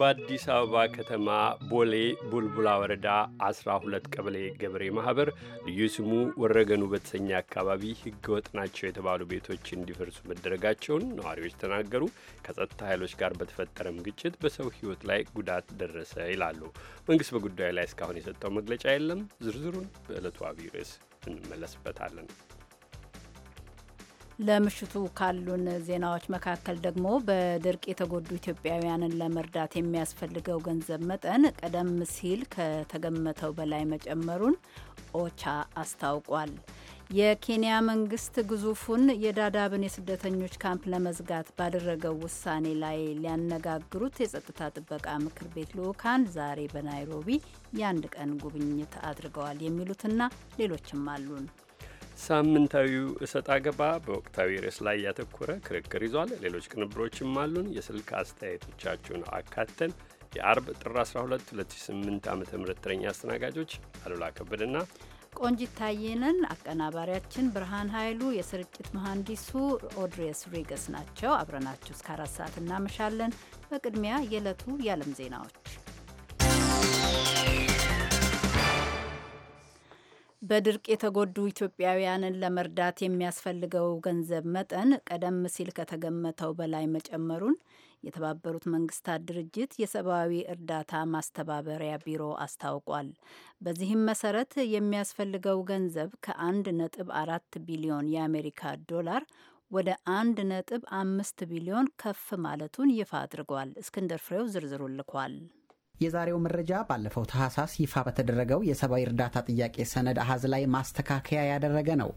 በአዲስ አበባ ከተማ ቦሌ ቡልቡላ ወረዳ 12 ቀበሌ ገበሬ ማህበር ልዩ ስሙ ወረገኑ በተሰኘ አካባቢ ህገወጥ ናቸው የተባሉ ቤቶች እንዲፈርሱ መደረጋቸውን ነዋሪዎች ተናገሩ። ከጸጥታ ኃይሎች ጋር በተፈጠረም ግጭት በሰው ህይወት ላይ ጉዳት ደረሰ ይላሉ። መንግስት በጉዳዩ ላይ እስካሁን የሰጠው መግለጫ የለም። ዝርዝሩን በዕለቱ አብይ ርዕስ እንመለስበታለን። ለምሽቱ ካሉን ዜናዎች መካከል ደግሞ በድርቅ የተጎዱ ኢትዮጵያውያንን ለመርዳት የሚያስፈልገው ገንዘብ መጠን ቀደም ሲል ከተገመተው በላይ መጨመሩን ኦቻ አስታውቋል። የኬንያ መንግስት ግዙፉን የዳዳብን የስደተኞች ካምፕ ለመዝጋት ባደረገው ውሳኔ ላይ ሊያነጋግሩት የጸጥታ ጥበቃ ምክር ቤት ልዑካን ዛሬ በናይሮቢ የአንድ ቀን ጉብኝት አድርገዋል። የሚሉትና ሌሎችም አሉን። ሳምንታዊው እሰጥ አገባ በወቅታዊ ርዕስ ላይ ያተኮረ ክርክር ይዟል። ሌሎች ቅንብሮችም አሉን። የስልክ አስተያየቶቻችሁን አካተን የአርብ ጥር 12 2008 ዓ ም ተረኛ አስተናጋጆች አሉላ ከበደና ቆንጂት ታየንን፣ አቀናባሪያችን ብርሃን ኃይሉ፣ የስርጭት መሐንዲሱ ኦድሬስ ሪገስ ናቸው። አብረናችሁ እስከ አራት ሰዓት እናመሻለን። በቅድሚያ የዕለቱ የዓለም ዜናዎች በድርቅ የተጎዱ ኢትዮጵያውያንን ለመርዳት የሚያስፈልገው ገንዘብ መጠን ቀደም ሲል ከተገመተው በላይ መጨመሩን የተባበሩት መንግስታት ድርጅት የሰብአዊ እርዳታ ማስተባበሪያ ቢሮ አስታውቋል። በዚህም መሰረት የሚያስፈልገው ገንዘብ ከአንድ ነጥብ አራት ቢሊዮን የአሜሪካ ዶላር ወደ አንድ ነጥብ አምስት ቢሊዮን ከፍ ማለቱን ይፋ አድርጓል። እስክንድር ፍሬው ዝርዝሩ ልኳል። የዛሬው መረጃ ባለፈው ታህሳስ ይፋ በተደረገው የሰብአዊ እርዳታ ጥያቄ ሰነድ አሀዝ ላይ ማስተካከያ ያደረገ ነው።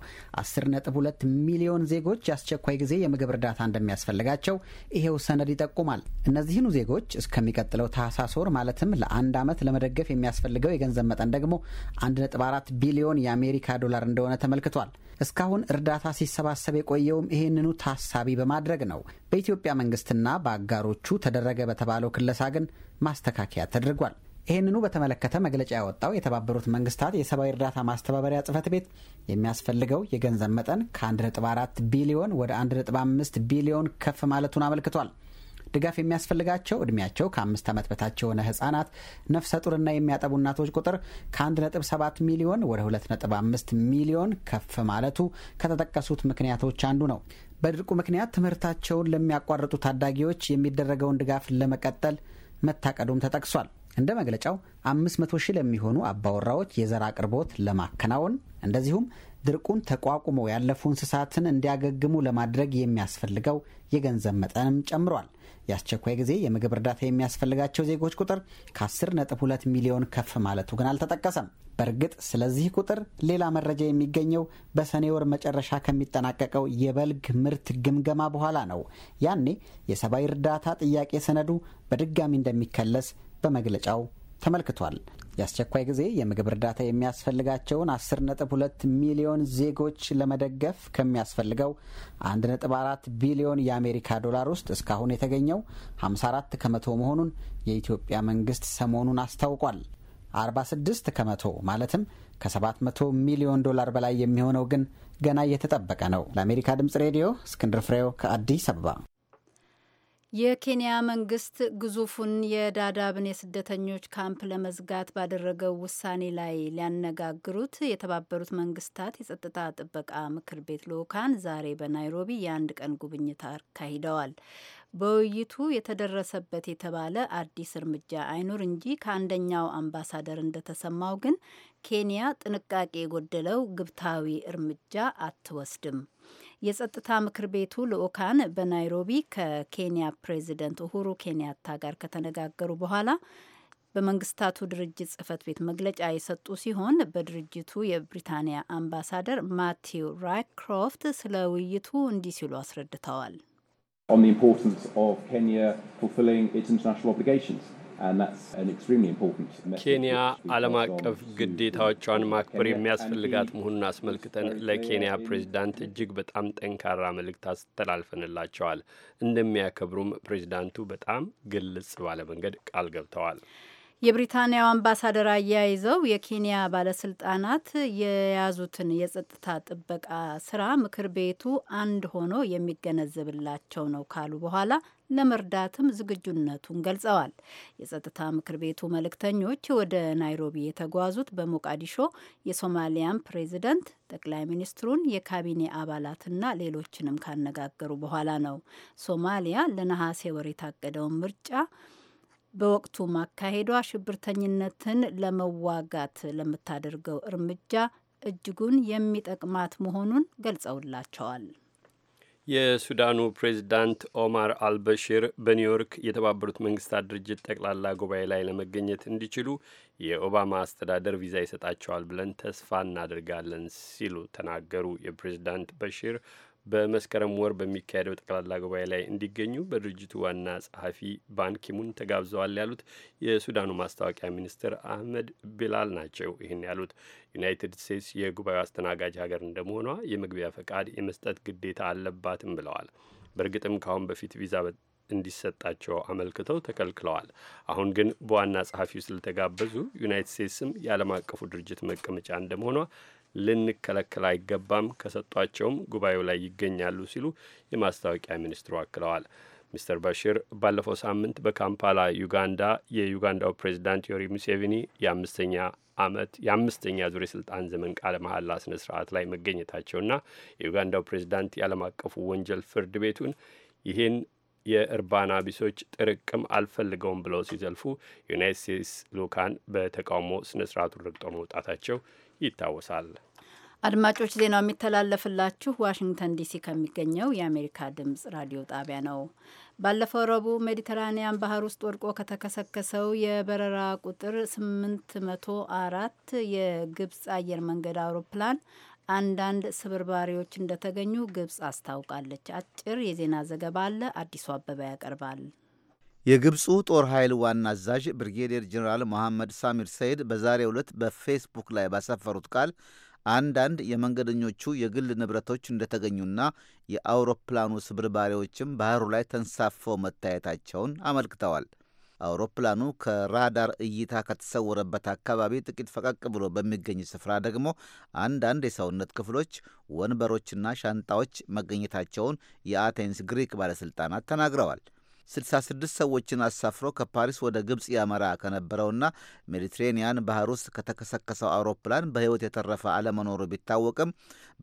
10.2 ሚሊዮን ዜጎች የአስቸኳይ ጊዜ የምግብ እርዳታ እንደሚያስፈልጋቸው ይሄው ሰነድ ይጠቁማል። እነዚህኑ ዜጎች እስከሚቀጥለው ታህሳስ ወር ማለትም ለአንድ ዓመት ለመደገፍ የሚያስፈልገው የገንዘብ መጠን ደግሞ 1.4 ቢሊዮን የአሜሪካ ዶላር እንደሆነ ተመልክቷል። እስካሁን እርዳታ ሲሰባሰብ የቆየውም ይህንኑ ታሳቢ በማድረግ ነው። በኢትዮጵያ መንግስትና በአጋሮቹ ተደረገ በተባለው ክለሳ ግን ማስተካከያ ተደርጓል። ይህንኑ በተመለከተ መግለጫ ያወጣው የተባበሩት መንግስታት የሰብአዊ እርዳታ ማስተባበሪያ ጽህፈት ቤት የሚያስፈልገው የገንዘብ መጠን ከ1.4 ቢሊዮን ወደ 1.5 ቢሊዮን ከፍ ማለቱን አመልክቷል። ድጋፍ የሚያስፈልጋቸው እድሜያቸው ከአምስት ዓመት በታች የሆነ ህጻናት፣ ነፍሰ ጡርና የሚያጠቡ እናቶች ቁጥር ከ1.7 ሚሊዮን ወደ 2.5 ሚሊዮን ከፍ ማለቱ ከተጠቀሱት ምክንያቶች አንዱ ነው። በድርቁ ምክንያት ትምህርታቸውን ለሚያቋርጡ ታዳጊዎች የሚደረገውን ድጋፍ ለመቀጠል መታቀዱም ተጠቅሷል። እንደ መግለጫው 500 ሺህ ለሚሆኑ አባወራዎች የዘር አቅርቦት ለማከናወን እንደዚሁም ድርቁን ተቋቁመው ያለፉ እንስሳትን እንዲያገግሙ ለማድረግ የሚያስፈልገው የገንዘብ መጠንም ጨምሯል። የአስቸኳይ ጊዜ የምግብ እርዳታ የሚያስፈልጋቸው ዜጎች ቁጥር ከ10.2 ሚሊዮን ከፍ ማለቱ ግን አልተጠቀሰም። በእርግጥ ስለዚህ ቁጥር ሌላ መረጃ የሚገኘው በሰኔ ወር መጨረሻ ከሚጠናቀቀው የበልግ ምርት ግምገማ በኋላ ነው። ያኔ የሰብአዊ እርዳታ ጥያቄ ሰነዱ በድጋሚ እንደሚከለስ በመግለጫው ተመልክቷል። የአስቸኳይ ጊዜ የምግብ እርዳታ የሚያስፈልጋቸውን 10.2 ሚሊዮን ዜጎች ለመደገፍ ከሚያስፈልገው 1.4 ቢሊዮን የአሜሪካ ዶላር ውስጥ እስካሁን የተገኘው 54 ከመቶ መሆኑን የኢትዮጵያ መንግስት ሰሞኑን አስታውቋል። 46 ከመቶ ማለትም ከ700 ሚሊዮን ዶላር በላይ የሚሆነው ግን ገና እየተጠበቀ ነው። ለአሜሪካ ድምፅ ሬዲዮ እስክንድር ፍሬው ከአዲስ አበባ የኬንያ መንግስት ግዙፉን የዳዳብን የስደተኞች ካምፕ ለመዝጋት ባደረገው ውሳኔ ላይ ሊያነጋግሩት የተባበሩት መንግስታት የጸጥታ ጥበቃ ምክር ቤት ልኡካን ዛሬ በናይሮቢ የአንድ ቀን ጉብኝት አካሂደዋል። በውይይቱ የተደረሰበት የተባለ አዲስ እርምጃ አይኑር እንጂ ከአንደኛው አምባሳደር እንደተሰማው ግን ኬንያ ጥንቃቄ የጎደለው ግብታዊ እርምጃ አትወስድም የጸጥታ ምክር ቤቱ ልዑካን በናይሮቢ ከኬንያ ፕሬዚደንት ኡሁሩ ኬንያታ ጋር ከተነጋገሩ በኋላ በመንግስታቱ ድርጅት ጽህፈት ቤት መግለጫ የሰጡ ሲሆን በድርጅቱ የብሪታንያ አምባሳደር ማቲው ራይክሮፍት ስለ ውይይቱ እንዲህ ሲሉ አስረድተዋል። on the importance of Kenya fulfilling its international obligations. ኬንያ ዓለም አቀፍ ግዴታዎቿን ማክበር የሚያስፈልጋት መሆኑን አስመልክተን ለኬንያ ፕሬዚዳንት እጅግ በጣም ጠንካራ መልእክት አስተላልፈንላቸዋል። እንደሚያከብሩም ፕሬዚዳንቱ በጣም ግልጽ ባለ መንገድ ቃል ገብተዋል። የብሪታንያው አምባሳደር አያይዘው የኬንያ ባለስልጣናት የያዙትን የጸጥታ ጥበቃ ስራ ምክር ቤቱ አንድ ሆኖ የሚገነዘብላቸው ነው ካሉ በኋላ ለመርዳትም ዝግጁነቱን ገልጸዋል። የጸጥታ ምክር ቤቱ መልእክተኞች ወደ ናይሮቢ የተጓዙት በሞቃዲሾ የሶማሊያን ፕሬዚደንት፣ ጠቅላይ ሚኒስትሩን፣ የካቢኔ አባላትና ሌሎችንም ካነጋገሩ በኋላ ነው። ሶማሊያ ለነሐሴ ወር የታቀደውን ምርጫ በወቅቱ ማካሄዷ ሽብርተኝነትን ለመዋጋት ለምታደርገው እርምጃ እጅጉን የሚጠቅማት መሆኑን ገልጸውላቸዋል። የሱዳኑ ፕሬዚዳንት ኦማር አልበሽር በኒውዮርክ የተባበሩት መንግስታት ድርጅት ጠቅላላ ጉባኤ ላይ ለመገኘት እንዲችሉ የኦባማ አስተዳደር ቪዛ ይሰጣቸዋል ብለን ተስፋ እናደርጋለን ሲሉ ተናገሩ። የፕሬዚዳንት በሽር በመስከረም ወር በሚካሄደው ጠቅላላ ጉባኤ ላይ እንዲገኙ በድርጅቱ ዋና ጸሐፊ ባንኪሙን ተጋብዘዋል ያሉት የሱዳኑ ማስታወቂያ ሚኒስትር አህመድ ቢላል ናቸው። ይህን ያሉት ዩናይትድ ስቴትስ የጉባኤው አስተናጋጅ ሀገር እንደመሆኗ የመግቢያ ፈቃድ የመስጠት ግዴታ አለባትም ብለዋል። በእርግጥም ከአሁን በፊት ቪዛ እንዲሰጣቸው አመልክተው ተከልክለዋል። አሁን ግን በዋና ጸሐፊው ስለተጋበዙ ዩናይትድ ስቴትስም የዓለም አቀፉ ድርጅት መቀመጫ እንደመሆኗ ልንከለከል አይገባም፣ ከሰጧቸውም ጉባኤው ላይ ይገኛሉ ሲሉ የማስታወቂያ ሚኒስትሩ አክለዋል። ሚስተር ባሽር ባለፈው ሳምንት በካምፓላ ዩጋንዳ የዩጋንዳው ፕሬዚዳንት ዮሪ ሙሴቪኒ የአምስተኛ አመት የአምስተኛ ዙር የስልጣን ዘመን ቃለ መሐላ ስነ ስርዓት ላይ መገኘታቸውና የዩጋንዳው ፕሬዚዳንት የዓለም አቀፉ ወንጀል ፍርድ ቤቱን ይህን የእርባና ቢሶች ጥርቅም አልፈልገውም ብለው ሲዘልፉ ዩናይት ስቴትስ ልኡካን በተቃውሞ ስነ ስርዓቱን ረግጠው መውጣታቸው ይታወሳል። አድማጮች ዜናው የሚተላለፍላችሁ ዋሽንግተን ዲሲ ከሚገኘው የአሜሪካ ድምጽ ራዲዮ ጣቢያ ነው። ባለፈው ረቡዕ ሜዲተራኒያን ባህር ውስጥ ወድቆ ከተከሰከሰው የበረራ ቁጥር 804 የግብፅ አየር መንገድ አውሮፕላን አንዳንድ ስብርባሪዎች እንደተገኙ ግብፅ አስታውቃለች። አጭር የዜና ዘገባ አለ፣ አዲሱ አበባ ያቀርባል። የግብፁ ጦር ኃይል ዋና አዛዥ ብርጌዴር ጀኔራል መሐመድ ሳሚር ሰይድ በዛሬ ዕለት በፌስቡክ ላይ ባሰፈሩት ቃል አንዳንድ የመንገደኞቹ የግል ንብረቶች እንደተገኙና የአውሮፕላኑ ስብርባሪዎችም ባህሩ ላይ ተንሳፈው መታየታቸውን አመልክተዋል። አውሮፕላኑ ከራዳር እይታ ከተሰወረበት አካባቢ ጥቂት ፈቀቅ ብሎ በሚገኝ ስፍራ ደግሞ አንዳንድ የሰውነት ክፍሎች፣ ወንበሮችና ሻንጣዎች መገኘታቸውን የአቴንስ ግሪክ ባለሥልጣናት ተናግረዋል። 66 ሰዎችን አሳፍሮ ከፓሪስ ወደ ግብፅ ያመራ ከነበረውና ሜዲትሬኒያን ባህር ውስጥ ከተከሰከሰው አውሮፕላን በሕይወት የተረፈ አለመኖሩ ቢታወቅም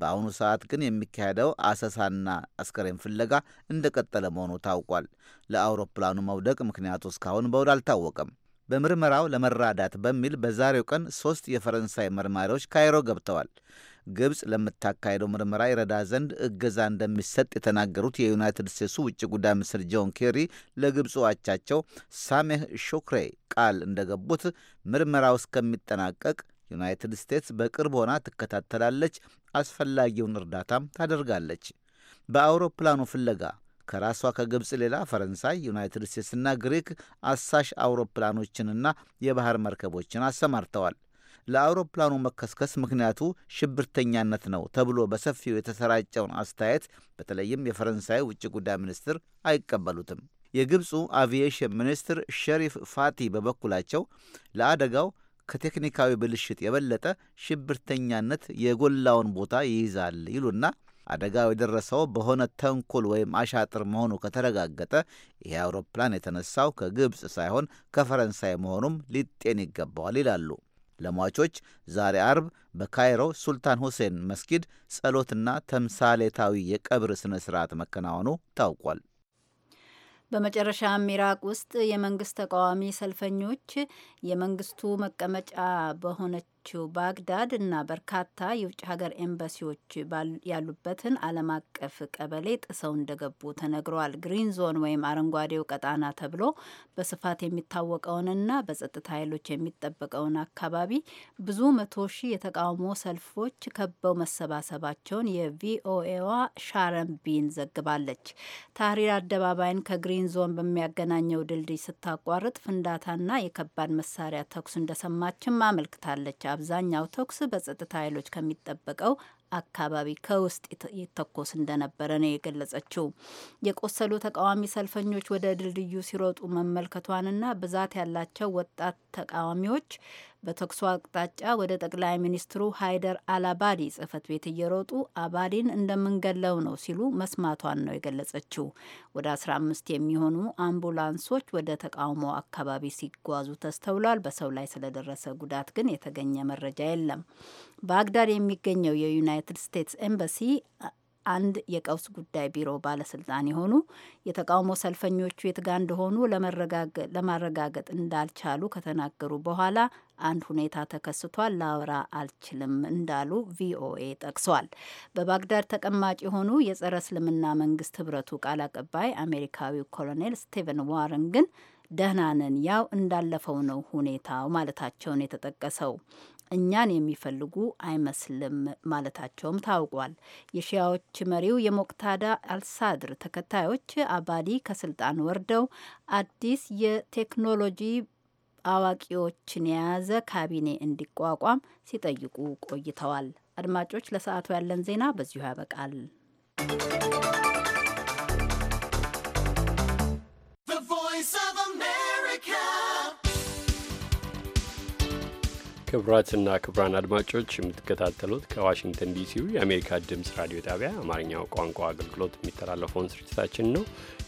በአሁኑ ሰዓት ግን የሚካሄደው አሰሳና አስከሬን ፍለጋ እንደቀጠለ መሆኑ ታውቋል። ለአውሮፕላኑ መውደቅ ምክንያቱ እስካሁን በውል አልታወቀም። በምርመራው ለመራዳት በሚል በዛሬው ቀን ሦስት የፈረንሳይ መርማሪዎች ካይሮ ገብተዋል። ግብፅ ለምታካሄደው ምርመራ ይረዳ ዘንድ እገዛ እንደሚሰጥ የተናገሩት የዩናይትድ ስቴትሱ ውጭ ጉዳይ ሚኒስትር ጆን ኬሪ ለግብፁ አቻቸው ሳሜህ ሹክሬ ቃል እንደገቡት ምርመራው እስከሚጠናቀቅ ዩናይትድ ስቴትስ በቅርብ ሆና ትከታተላለች፣ አስፈላጊውን እርዳታም ታደርጋለች። በአውሮፕላኑ ፍለጋ ከራሷ ከግብፅ ሌላ ፈረንሳይ፣ ዩናይትድ ስቴትስና ግሪክ አሳሽ አውሮፕላኖችንና የባህር መርከቦችን አሰማርተዋል። ለአውሮፕላኑ መከስከስ ምክንያቱ ሽብርተኛነት ነው ተብሎ በሰፊው የተሰራጨውን አስተያየት በተለይም የፈረንሳይ ውጭ ጉዳይ ሚኒስትር አይቀበሉትም። የግብፁ አቪዬሽን ሚኒስትር ሸሪፍ ፋቲ በበኩላቸው ለአደጋው ከቴክኒካዊ ብልሽት የበለጠ ሽብርተኛነት የጎላውን ቦታ ይይዛል ይሉና አደጋው የደረሰው በሆነ ተንኮል ወይም አሻጥር መሆኑ ከተረጋገጠ ይህ አውሮፕላን የተነሳው ከግብፅ ሳይሆን ከፈረንሳይ መሆኑም ሊጤን ይገባዋል ይላሉ። ለሟቾች ዛሬ አርብ በካይሮ ሱልጣን ሁሴን መስጊድ ጸሎትና ተምሳሌታዊ የቀብር ስነ ስርዓት መከናወኑ ታውቋል። በመጨረሻም ኢራቅ ውስጥ የመንግስት ተቃዋሚ ሰልፈኞች የመንግስቱ መቀመጫ በሆነች በሆነችው ባግዳድ እና በርካታ የውጭ ሀገር ኤምባሲዎች ያሉበትን ዓለም አቀፍ ቀበሌ ጥሰው እንደገቡ ተነግረዋል። ግሪን ዞን ወይም አረንጓዴው ቀጣና ተብሎ በስፋት የሚታወቀውንና በጸጥታ ኃይሎች የሚጠበቀውን አካባቢ ብዙ መቶ ሺህ የተቃውሞ ሰልፎች ከበው መሰባሰባቸውን የቪኦኤዋ ሻረን ቢን ዘግባለች። ታህሪር አደባባይን ከግሪን ዞን በሚያገናኘው ድልድይ ስታቋርጥ ፍንዳታና የከባድ መሳሪያ ተኩስ እንደሰማችም አመልክታለች። አብዛኛው ተኩስ በጸጥታ ኃይሎች ከሚጠበቀው አካባቢ ከውስጥ ይተኮስ እንደነበረ ነው የገለጸችው። የቆሰሉ ተቃዋሚ ሰልፈኞች ወደ ድልድዩ ሲሮጡ መመልከቷንና ብዛት ያላቸው ወጣት ተቃዋሚዎች በተኩሱ አቅጣጫ ወደ ጠቅላይ ሚኒስትሩ ሃይደር አልአባዲ ጽህፈት ቤት እየሮጡ አባዲን እንደምንገለው ነው ሲሉ መስማቷን ነው የገለጸችው። ወደ 15 የሚሆኑ አምቡላንሶች ወደ ተቃውሞ አካባቢ ሲጓዙ ተስተውሏል። በሰው ላይ ስለደረሰ ጉዳት ግን የተገኘ መረጃ የለም። ባግዳድ የሚገኘው የዩናይትድ ስቴትስ ኤምባሲ አንድ የቀውስ ጉዳይ ቢሮ ባለስልጣን የሆኑ የተቃውሞ ሰልፈኞቹ የትጋ እንደሆኑ ለማረጋገጥ እንዳልቻሉ ከተናገሩ በኋላ አንድ ሁኔታ ተከስቷል፣ ላወራ አልችልም እንዳሉ ቪኦኤ ጠቅሷል። በባግዳድ ተቀማጭ የሆኑ የጸረ እስልምና መንግስት ህብረቱ ቃል አቀባይ አሜሪካዊው ኮሎኔል ስቲቨን ዋረን ግን ደህናንን ያው እንዳለፈው ነው ሁኔታው ማለታቸውን የተጠቀሰው እኛን የሚፈልጉ አይመስልም ማለታቸውም ታውቋል። የሺያዎች መሪው የሞቅታዳ አልሳድር ተከታዮች አባዲ ከስልጣን ወርደው አዲስ የቴክኖሎጂ አዋቂዎችን የያዘ ካቢኔ እንዲቋቋም ሲጠይቁ ቆይተዋል። አድማጮች፣ ለሰዓቱ ያለን ዜና በዚሁ ያበቃል። ክቡራትና ክቡራን አድማጮች የምትከታተሉት ከዋሽንግተን ዲሲው የአሜሪካ ድምፅ ራዲዮ ጣቢያ አማርኛው ቋንቋ አገልግሎት የሚተላለፈውን ስርጭታችን ነው።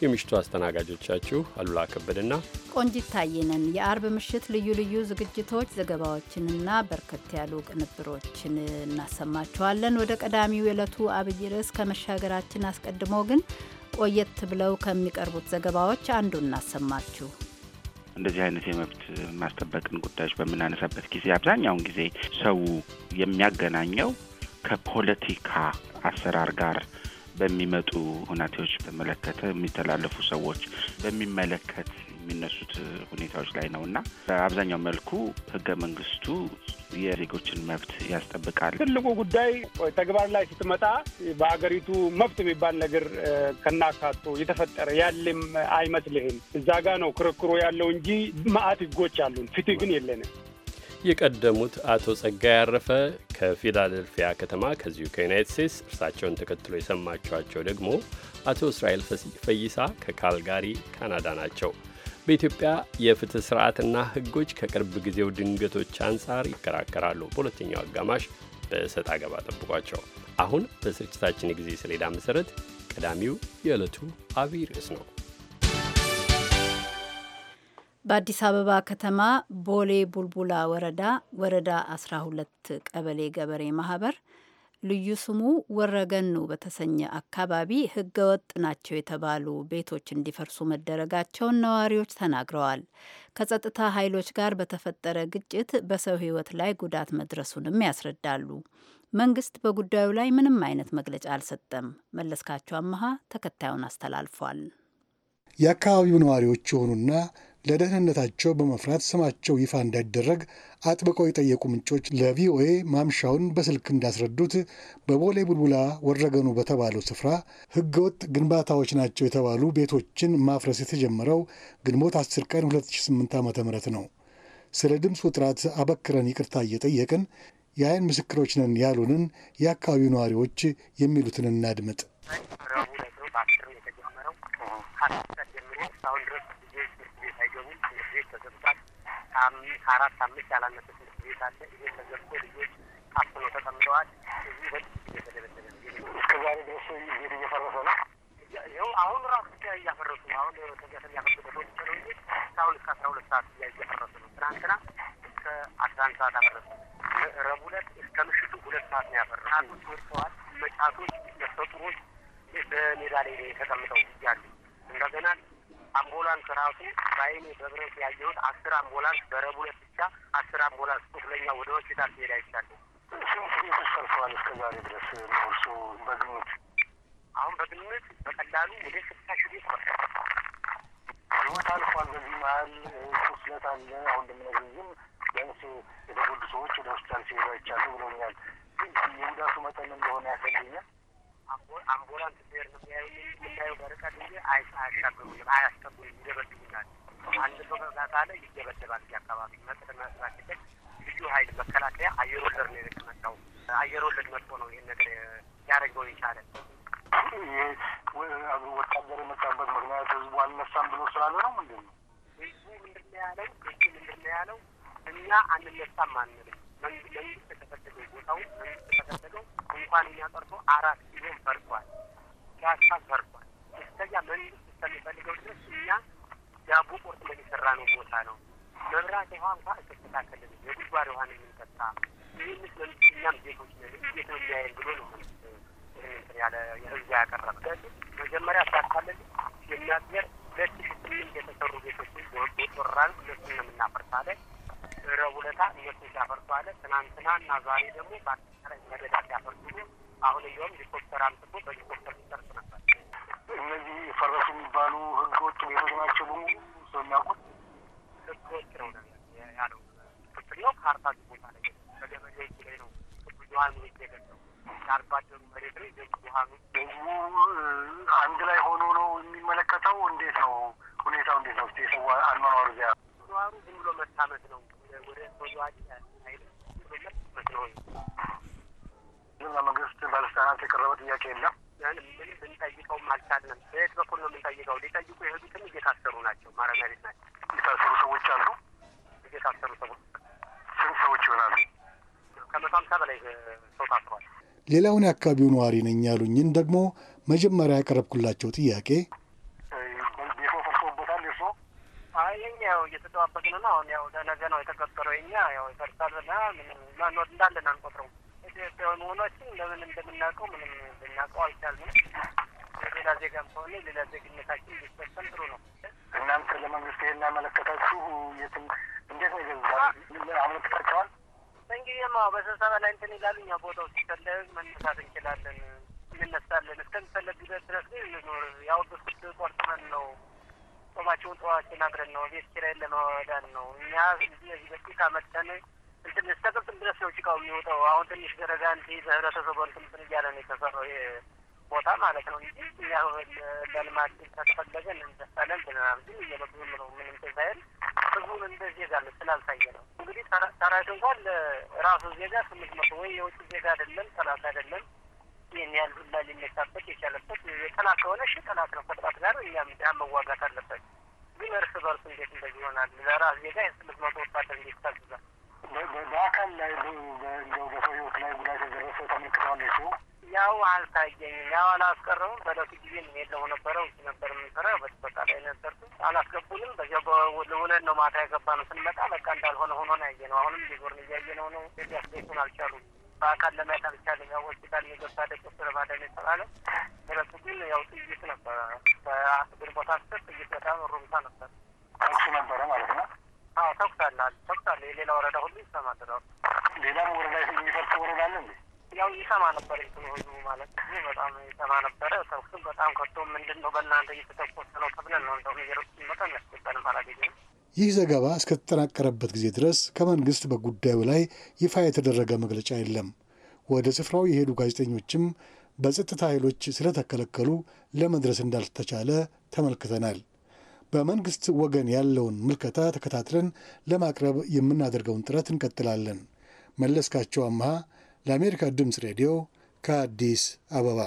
የምሽቱ አስተናጋጆቻችሁ አሉላ ከበድና ቆንጂት ታየነን። የአርብ ምሽት ልዩ ልዩ ዝግጅቶች፣ ዘገባዎችንና በርከት ያሉ ቅንብሮችን እናሰማችኋለን። ወደ ቀዳሚው የዕለቱ አብይ ርዕስ ከመሻገራችን አስቀድሞ ግን ቆየት ብለው ከሚቀርቡት ዘገባዎች አንዱ እናሰማችሁ። እንደዚህ አይነት የመብት ማስጠበቅን ጉዳዮች በምናነሳበት ጊዜ አብዛኛውን ጊዜ ሰው የሚያገናኘው ከፖለቲካ አሰራር ጋር በሚመጡ ሁናቴዎች በመለከተ የሚተላለፉ ሰዎች በሚመለከት የሚነሱት ሁኔታዎች ላይ ነው እና በአብዛኛው መልኩ ህገ መንግስቱ የዜጎችን መብት ያስጠብቃል። ትልቁ ጉዳይ ተግባር ላይ ስትመጣ በሀገሪቱ መብት የሚባል ነገር ከናካቶ የተፈጠረ ያለም አይመስልህም። እዛ ጋ ነው ክርክሩ ያለው እንጂ ማአት ህጎች አሉን፣ ፍትህ ግን የለንም። የቀደሙት አቶ ጸጋ ያረፈ ከፊላደልፊያ ከተማ ከዚሁ ከዩናይት ስቴትስ፣ እርሳቸውን ተከትሎ የሰማችኋቸው ደግሞ አቶ እስራኤል ፈይሳ ከካልጋሪ ካናዳ ናቸው። በኢትዮጵያ የፍትህ ስርዓትና ህጎች ከቅርብ ጊዜው ድንገቶች አንጻር ይከራከራሉ። በሁለተኛው አጋማሽ በእሰጥ አገባ ጠብቋቸው። አሁን በስርጭታችን የጊዜ ሰሌዳ መሠረት ቀዳሚው የዕለቱ አብይ ርዕስ ነው። በአዲስ አበባ ከተማ ቦሌ ቡልቡላ ወረዳ ወረዳ 12 ቀበሌ ገበሬ ማህበር ልዩ ስሙ ወረገኑ በተሰኘ አካባቢ ወጥ ናቸው የተባሉ ቤቶች እንዲፈርሱ መደረጋቸውን ነዋሪዎች ተናግረዋል። ከጸጥታ ኃይሎች ጋር በተፈጠረ ግጭት በሰው ህይወት ላይ ጉዳት መድረሱንም ያስረዳሉ። መንግስት በጉዳዩ ላይ ምንም አይነት መግለጫ አልሰጠም። መለስካቸው አመሃ ተከታዩን አስተላልፏል። የአካባቢው ነዋሪዎች የሆኑና ለደህንነታቸው በመፍራት ስማቸው ይፋ እንዳይደረግ አጥብቀው የጠየቁ ምንጮች ለቪኦኤ ማምሻውን በስልክ እንዳስረዱት በቦሌ ቡልቡላ ወረገኑ በተባለው ስፍራ ህገወጥ ግንባታዎች ናቸው የተባሉ ቤቶችን ማፍረስ የተጀመረው ግንቦት 10 ቀን 2008 ዓ ም ነው። ስለ ድምፁ ጥራት አበክረን ይቅርታ እየጠየቅን የአይን ምስክሮች ነን ያሉንን የአካባቢው ነዋሪዎች የሚሉትን እናድምጥ። ቤት ተዘግቷል። አራት አምስት ያላነሰ ትምህርት ቤት አለ። ይሄ ተዘግቶ ልጆች ታፍኖ ተቀምጠዋል። እዚህ በ እየተደበደበ ነው። እስከዛሬ ድረስ ቤት እየፈረሰ ነው። ይኸው አሁን ራሱ ብቻ እያፈረሱ ነው። አሁን ተጋሰ እያፈረሱ በተወሰነ ነው እንጂ እስካሁን እስከ አስራ ሁለት ሰዓት እያፈረሱ ነው። ትናንትና እስከ አስራ አንድ ሰዓት አፈረሱ። ረቡዕ ዕለት እስከ ምሽቱ ሁለት ሰዓት ነው ያፈረሱ። ቶች ወድቀዋል። መጫቶች መሰጡሮች በሜዳ ላይ ተቀምጠው እያሉ እንደገና አምቡላንስ ራሱ በአይኔ በብረት ያየሁት አስር አምቡላንስ በረቡዕ ብቻ አስር አምቡላንስ ቁስለኛ ወደ ሆስፒታል ሲሄድ አይቻለሁ። ስንት እስከ ዛሬ ድረስ እርሱ በግምት አሁን በግምት በቀላሉ ወደ ስልሳ ሺህ ቤት ነው ህይወት አልፏል። በዚህ መሀል ቁስለት አለ። አሁን እንደምነግርም ቢያንስ የተጎዱ ሰዎች ወደ ሆስፒታል ሲሄዱ አይቻለሁ ብለውኛል። ግን የጉዳቱ መጠን እንደሆነ ያሳየኛል አምቡላንስ ብሄር ነው የሚያዩ በርቀት ጊዜ አያሻግሩም፣ አያስከቡም፣ ይደበድቡናል። አንድ ሰው ከዛታለ ይደበደባል። አካባቢ መጥር ያስባችበት ልዩ ኃይል መከላከያ አየር ወለድ ነው የተመጣው። አየር ወለድ መጥቶ ነው ይህን ነገር ያደረገው የቻለ ወታደር የመጣበት ምክንያት ህዝቡ አልነሳም ብሎ ስላለ ነው። ምንድን ነው ህዝቡ ምንድን ነው ያለው? ህዝቡ ምንድን ነው ያለው? እኛ አንነሳም አንልም መንግስት ከተፈለገው ቦታው መንግስት ከተፈለገው እንኳን እኛ ቀርቶ አራት ቢሊዮን ፈርቷል፣ ፒያሳ ፈርቷል። እስከዚያ መንግስት እስከሚፈልገው ድረስ እኛ ዳቦ ቁርጥ የሚሰራ ነው ቦታ ነው። መብራት ውሃ እንኳ እተስተካከልን የጉድጓድ ውሃ ነው የምንጠጣ። ይህንስ መንግስት እኛም ዜጎች ነ እንዴት ነው የሚያየን ብሎ ነው መንግስት ያለ የህዝብ ያቀረበ መጀመሪያ ሳካለን የሚያገር ሁለት ሺ ስምንት የተሰሩ ቤቶችን ወጦራል ሁለቱን ነው የምናፈርሳለን ረቡዕ ዕለት እነሱን ሲያፈርሱ ትናንትና እና ዛሬ ደግሞ በአጠቃላይ መረዳት ሲያፈርሱ አሁን እየውም ሄሊኮፕተር አንስቶ በሄሊኮፕተር ሲሰርፍ ነበር። እነዚህ የፈረሱ የሚባሉ ህገወጥ ቤቶች ናቸው። በሙሉ ስለሚያውቁት ህገወጥ ነው ያለው ትክክል ነው። ካርታችሁ ቦታ ላይ በገበሬዎች ላይ ነው ብዙሀን ብዙሀኖች የገጠው የአርባቸው መሬት ላይ ዘ ብዙሀኖች ህዝቡ አንድ ላይ ሆኖ ነው የሚመለከተው። እንዴት ነው ሁኔታው? እንዴት ነው የሰው አኗኗሩ? ዚያ ብዙሀኑ ዝም ብሎ መታመት ነው ምንም ለመንግስት ባለስልጣናት የቀረበ ጥያቄ የለም። ብንጠይቀውም አልቻለም። በየት በኩል ነው የምንጠይቀው? ሊጠይቁ የሄዱትም እየታሰሩ ናቸው። ማረሚያ ቤት ናቸው። የታሰሩ ሰዎች አሉ። እየታሰሩ ሰዎች ስንት ሰዎች ይሆናሉ? ከመቶ ሃምሳ በላይ ሰው ታስሯል። ሌላውን የአካባቢው ነዋሪ ነኝ ያሉኝን ደግሞ መጀመሪያ ያቀረብኩላቸው ጥያቄ ያው እየተጠባበቅን ነው። አሁን ያው ለነገ ነው የተቀጠረው። የኛ ያው ይፈርሳል ና ምንም መኖር እንዳለን አንቆጥረው ኢትዮጵያ መሆናችን ለምን እንደምናውቀው ምንም ልናውቀው አልቻልንም። ሌላ ዜጋም ከሆነ ሌላ ዜግነታችን ሊፈሰም ጥሩ ነው። እናንተ ለመንግስት ይሄን ያመለከታችሁ የትም እንዴት ነው ገዛ አመለከታቸዋል? እንግዲህ ማ በስብሰባ ላይ እንትን ይላሉኛ ቦታው ሲፈለግ መነሳት እንችላለን እንነሳለን እስከሚፈለግ ድረስ ግን እንኖር ያው ብስኩት ቆርጥመን ነው ጾማቸውን ጠዋችን አድረን ነው ቤት ነው ነው እኛ እዚህ በፊት አመጠን እንትን ስተቅብጥም ድረስ ነው ጭቃው የሚወጣው። አሁን ትንሽ ደረጃ እንዲ በህብረተሰቡ እንትን እያለ ነው የተሰራው ይሄ ቦታ ማለት ነው እንጂ እኛ ለልማት ከተፈለገ እንደሳለን ብለናል። ግን እየበዙ ነው ምንም ሳይል ህዝቡን እንደ ዜጋ ስላልታየ ነው እንግዲህ ሰራዊት እንኳን ራሱ ዜጋ ስምንት መቶ ወይ የውጭ ዜጋ አይደለም ጠላት አይደለም ይህን ያህል ሁላ ሊነሳበት የቻለበት ጠላት ከሆነ ሽ ጠላት ነው ከጠላት ጋር እኛም መዋጋት አለበት። ግን እርስ በርስ እንዴት እንደዚህ ይሆናል? ለራስ ዜጋ የስምንት መቶ ወታደር እንዴት ታዝዛል? በአካል ላይ እንደው ህይወት ላይ ጉዳት የደረሰው ተመልክተዋል። ሱ ያው አልታየኝም። ያው አላስቀረውም። በለቱ ጊዜ የለው ነበረ ውጭ ነበር የምንሰራ በጥበቃ ላይ ነበር። አላስገቡንም። በዚያው ለውለን ነው ማታ የገባ ነው። ስንመጣ በቃ እንዳልሆነ ሆኖ ነው ያየ ነው። አሁንም ሊዞርን እያየ ነው ነው ያስቤቱን አልቻሉም። በአካል ለማየት አልቻለም። ያው ሆስፒታል የገባ ደቅስ ረባዳን የተባለ ሁለቱ ግን ያው ጥይት ነበረ። በአስግር ቦታ ስር ጥይት በጣም ሩምታ ነበር። ተኩስ ነበረ ማለት ነው። አዎ ተኩስ አለ ተኩስ አለ። የሌላ ወረዳ ሁሉ ይሰማ ይሰማል። ሌላ ወረዳ የሚፈርስ ወረዳ አለ እንዴ? ያው ይሰማ ነበር እንትኑ ህዝቡ ማለት በጣም ይሰማ ነበረ። ተኩስም በጣም ከቶ ምንድን ነው በእናንተ እየተተኮሰ ነው ተብለን ነው እንደሁም የሮች መጠን ማለት አላገኘንም ይህ ዘገባ እስከተጠናቀረበት ጊዜ ድረስ ከመንግስት በጉዳዩ ላይ ይፋ የተደረገ መግለጫ የለም። ወደ ስፍራው የሄዱ ጋዜጠኞችም በጸጥታ ኃይሎች ስለተከለከሉ ለመድረስ እንዳልተቻለ ተመልክተናል። በመንግስት ወገን ያለውን ምልከታ ተከታትለን ለማቅረብ የምናደርገውን ጥረት እንቀጥላለን። መለስካቸው አምሃ ለአሜሪካ ድምፅ ሬዲዮ ከአዲስ አበባ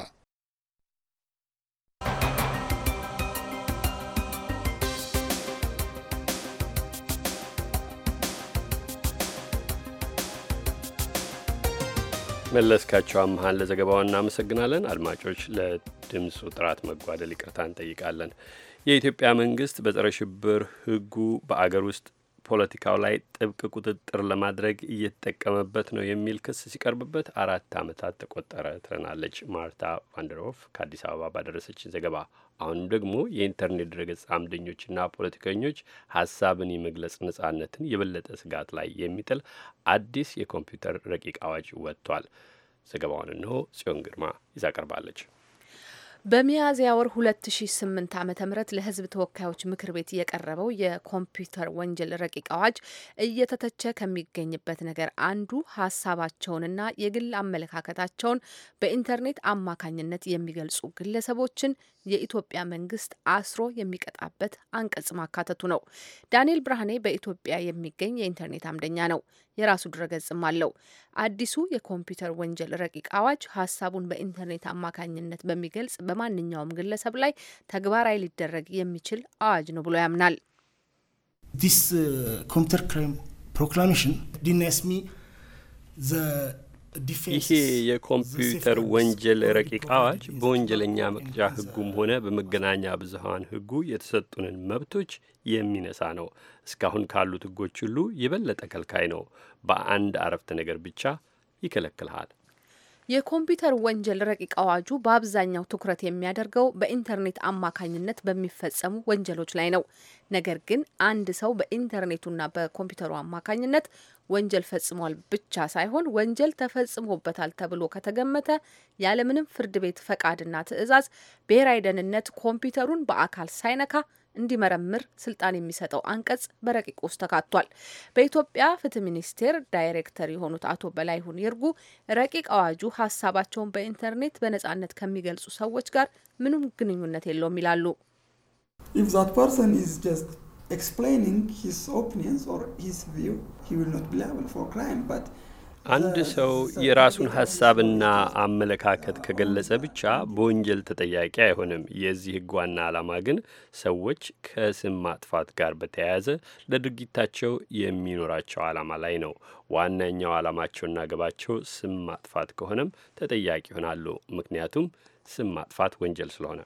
መለስካቸው አመሀን ለዘገባው እናመሰግናለን። አድማጮች ለድምፁ ጥራት መጓደል ይቅርታ እንጠይቃለን። የኢትዮጵያ መንግስት በጸረ ሽብር ህጉ በአገር ውስጥ ፖለቲካው ላይ ጥብቅ ቁጥጥር ለማድረግ እየተጠቀመበት ነው የሚል ክስ ሲቀርብበት አራት ዓመታት ተቆጠረ ትለናለች ማርታ ቫንደሮፍ ከአዲስ አበባ ባደረሰችን ዘገባ። አሁን ደግሞ የኢንተርኔት ድረገጽ አምደኞችና ፖለቲከኞች ሀሳብን የመግለጽ ነጻነትን የበለጠ ስጋት ላይ የሚጥል አዲስ የኮምፒውተር ረቂቅ አዋጅ ወጥቷል። ዘገባውን ነ ጽዮን ግርማ ይዛ ቀርባለች። በሚያዝያ ወር 2008 ዓ.ም ለህዝብ ተወካዮች ምክር ቤት የቀረበው የኮምፒውተር ወንጀል ረቂቅ አዋጅ እየተተቸ ከሚገኝበት ነገር አንዱ ሀሳባቸውንና የግል አመለካከታቸውን በኢንተርኔት አማካኝነት የሚገልጹ ግለሰቦችን የኢትዮጵያ መንግስት አስሮ የሚቀጣበት አንቀጽ ማካተቱ ነው። ዳንኤል ብርሃኔ በኢትዮጵያ የሚገኝ የኢንተርኔት አምደኛ ነው። የራሱ ድረገጽም አለው። አዲሱ የኮምፒውተር ወንጀል ረቂቅ አዋጅ ሀሳቡን በኢንተርኔት አማካኝነት በሚገልጽ በማንኛውም ግለሰብ ላይ ተግባራዊ ሊደረግ የሚችል አዋጅ ነው ብሎ ያምናል። ዲስ ኮምፒውተር ክራይም ፕሮክላሜሽን ዲናስሚ ይሄ የኮምፒውተር ወንጀል ረቂቅ አዋጅ በወንጀለኛ መቅጫ ህጉም uh, ሆነ በመገናኛ ብዙሀን ህጉ የተሰጡንን መብቶች የሚነሳ ነው። እስካሁን ካሉት ህጎች ሁሉ የበለጠ ከልካይ ነው። በአንድ አረፍተ ነገር ብቻ ይከለክልሃል። የኮምፒውተር ወንጀል ረቂቅ አዋጁ በአብዛኛው ትኩረት የሚያደርገው በኢንተርኔት አማካኝነት በሚፈጸሙ ወንጀሎች ላይ ነው። ነገር ግን አንድ ሰው በኢንተርኔቱና በኮምፒውተሩ አማካኝነት ወንጀል ፈጽሟል ብቻ ሳይሆን ወንጀል ተፈጽሞበታል ተብሎ ከተገመተ ያለምንም ፍርድ ቤት ፈቃድና ትዕዛዝ ብሔራዊ ደህንነት ኮምፒውተሩን በአካል ሳይነካ እንዲመረምር ስልጣን የሚሰጠው አንቀጽ በረቂቅ ውስጥ ተካቷል። በኢትዮጵያ ፍትህ ሚኒስቴር ዳይሬክተር የሆኑት አቶ በላይሁን ይርጉ ረቂቅ አዋጁ ሀሳባቸውን በኢንተርኔት በነጻነት ከሚገልጹ ሰዎች ጋር ምንም ግንኙነት የለውም ይላሉ። explaining his opinions or his view, he will not be liable for crime. But አንድ ሰው የራሱን ሀሳብና አመለካከት ከገለጸ ብቻ በወንጀል ተጠያቂ አይሆንም። የዚህ ሕግ ዋና ዓላማ ግን ሰዎች ከስም ማጥፋት ጋር በተያያዘ ለድርጊታቸው የሚኖራቸው ዓላማ ላይ ነው። ዋነኛው ዓላማቸውና ገባቸው ስም ማጥፋት ከሆነም ተጠያቂ ይሆናሉ። ምክንያቱም ስም ማጥፋት ወንጀል ስለሆነ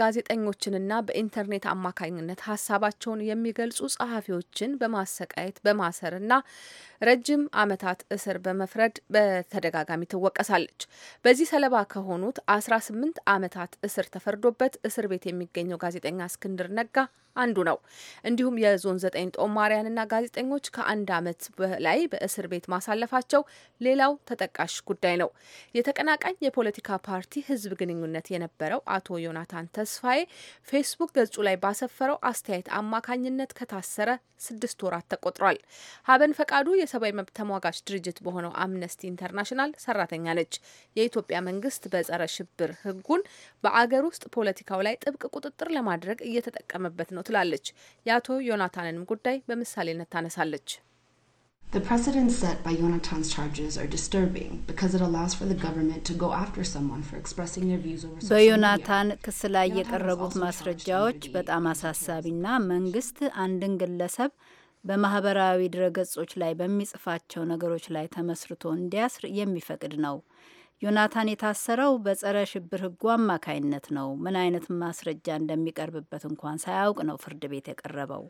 ጋዜጠኞችንና በኢንተርኔት አማካኝነት ሀሳባቸውን የሚገልጹ ጸሐፊዎችን በማሰቃየት በማሰርና ረጅም ዓመታት እስር በመፍረድ በተደጋጋሚ ትወቀሳለች። በዚህ ሰለባ ከሆኑት አስራ ስምንት ዓመታት እስር ተፈርዶበት እስር ቤት የሚገኘው ጋዜጠኛ እስክንድር ነጋ አንዱ ነው። እንዲሁም የዞን ዘጠኝ ጦማሪያንና ጋዜጠኞች ከአንድ ዓመት በላይ በእስር ቤት ማሳለፋቸው ሌላው ተጠቃሽ ጉዳይ ነው። የተቀናቃኝ የፖለቲካ ፓርቲ ህዝብ ግንኙነት የነበረው አቶ ዮናታን ተስፋዬ ፌስቡክ ገጹ ላይ ባሰፈረው አስተያየት አማካኝነት ከታሰረ ስድስት ወራት ተቆጥሯል። ሀበን ፈቃዱ የሰብአዊ መብት ተሟጋች ድርጅት በሆነው አምነስቲ ኢንተርናሽናል ሰራተኛ ነች። የኢትዮጵያ መንግስት በጸረ ሽብር ህጉን በአገር ውስጥ ፖለቲካው ላይ ጥብቅ ቁጥጥር ለማድረግ እየተጠቀመበት ነው ትላለች። የአቶ ዮናታንንም ጉዳይ በምሳሌነት ታነሳለች። The precedents set by Yonatan's charges are disturbing because it allows for the government to go after someone for expressing their views over በዮናታን ክስ ላይ የቀረቡት ማስረጃዎች በጣም አሳሳቢና መንግስት አንድን ግለሰብ በማህበራዊ ድረገጾች ላይ በሚጽፋቸው ነገሮች ላይ ተመስርቶ እንዲያስር የሚፈቅድ ነው። ዮናታን የታሰረው በጸረ ሽብር ህጉ አማካይነት ነው። ምን አይነት ማስረጃ እንደሚቀርብበት እንኳን ሳያውቅ ነው ፍርድ ቤት የቀረበው።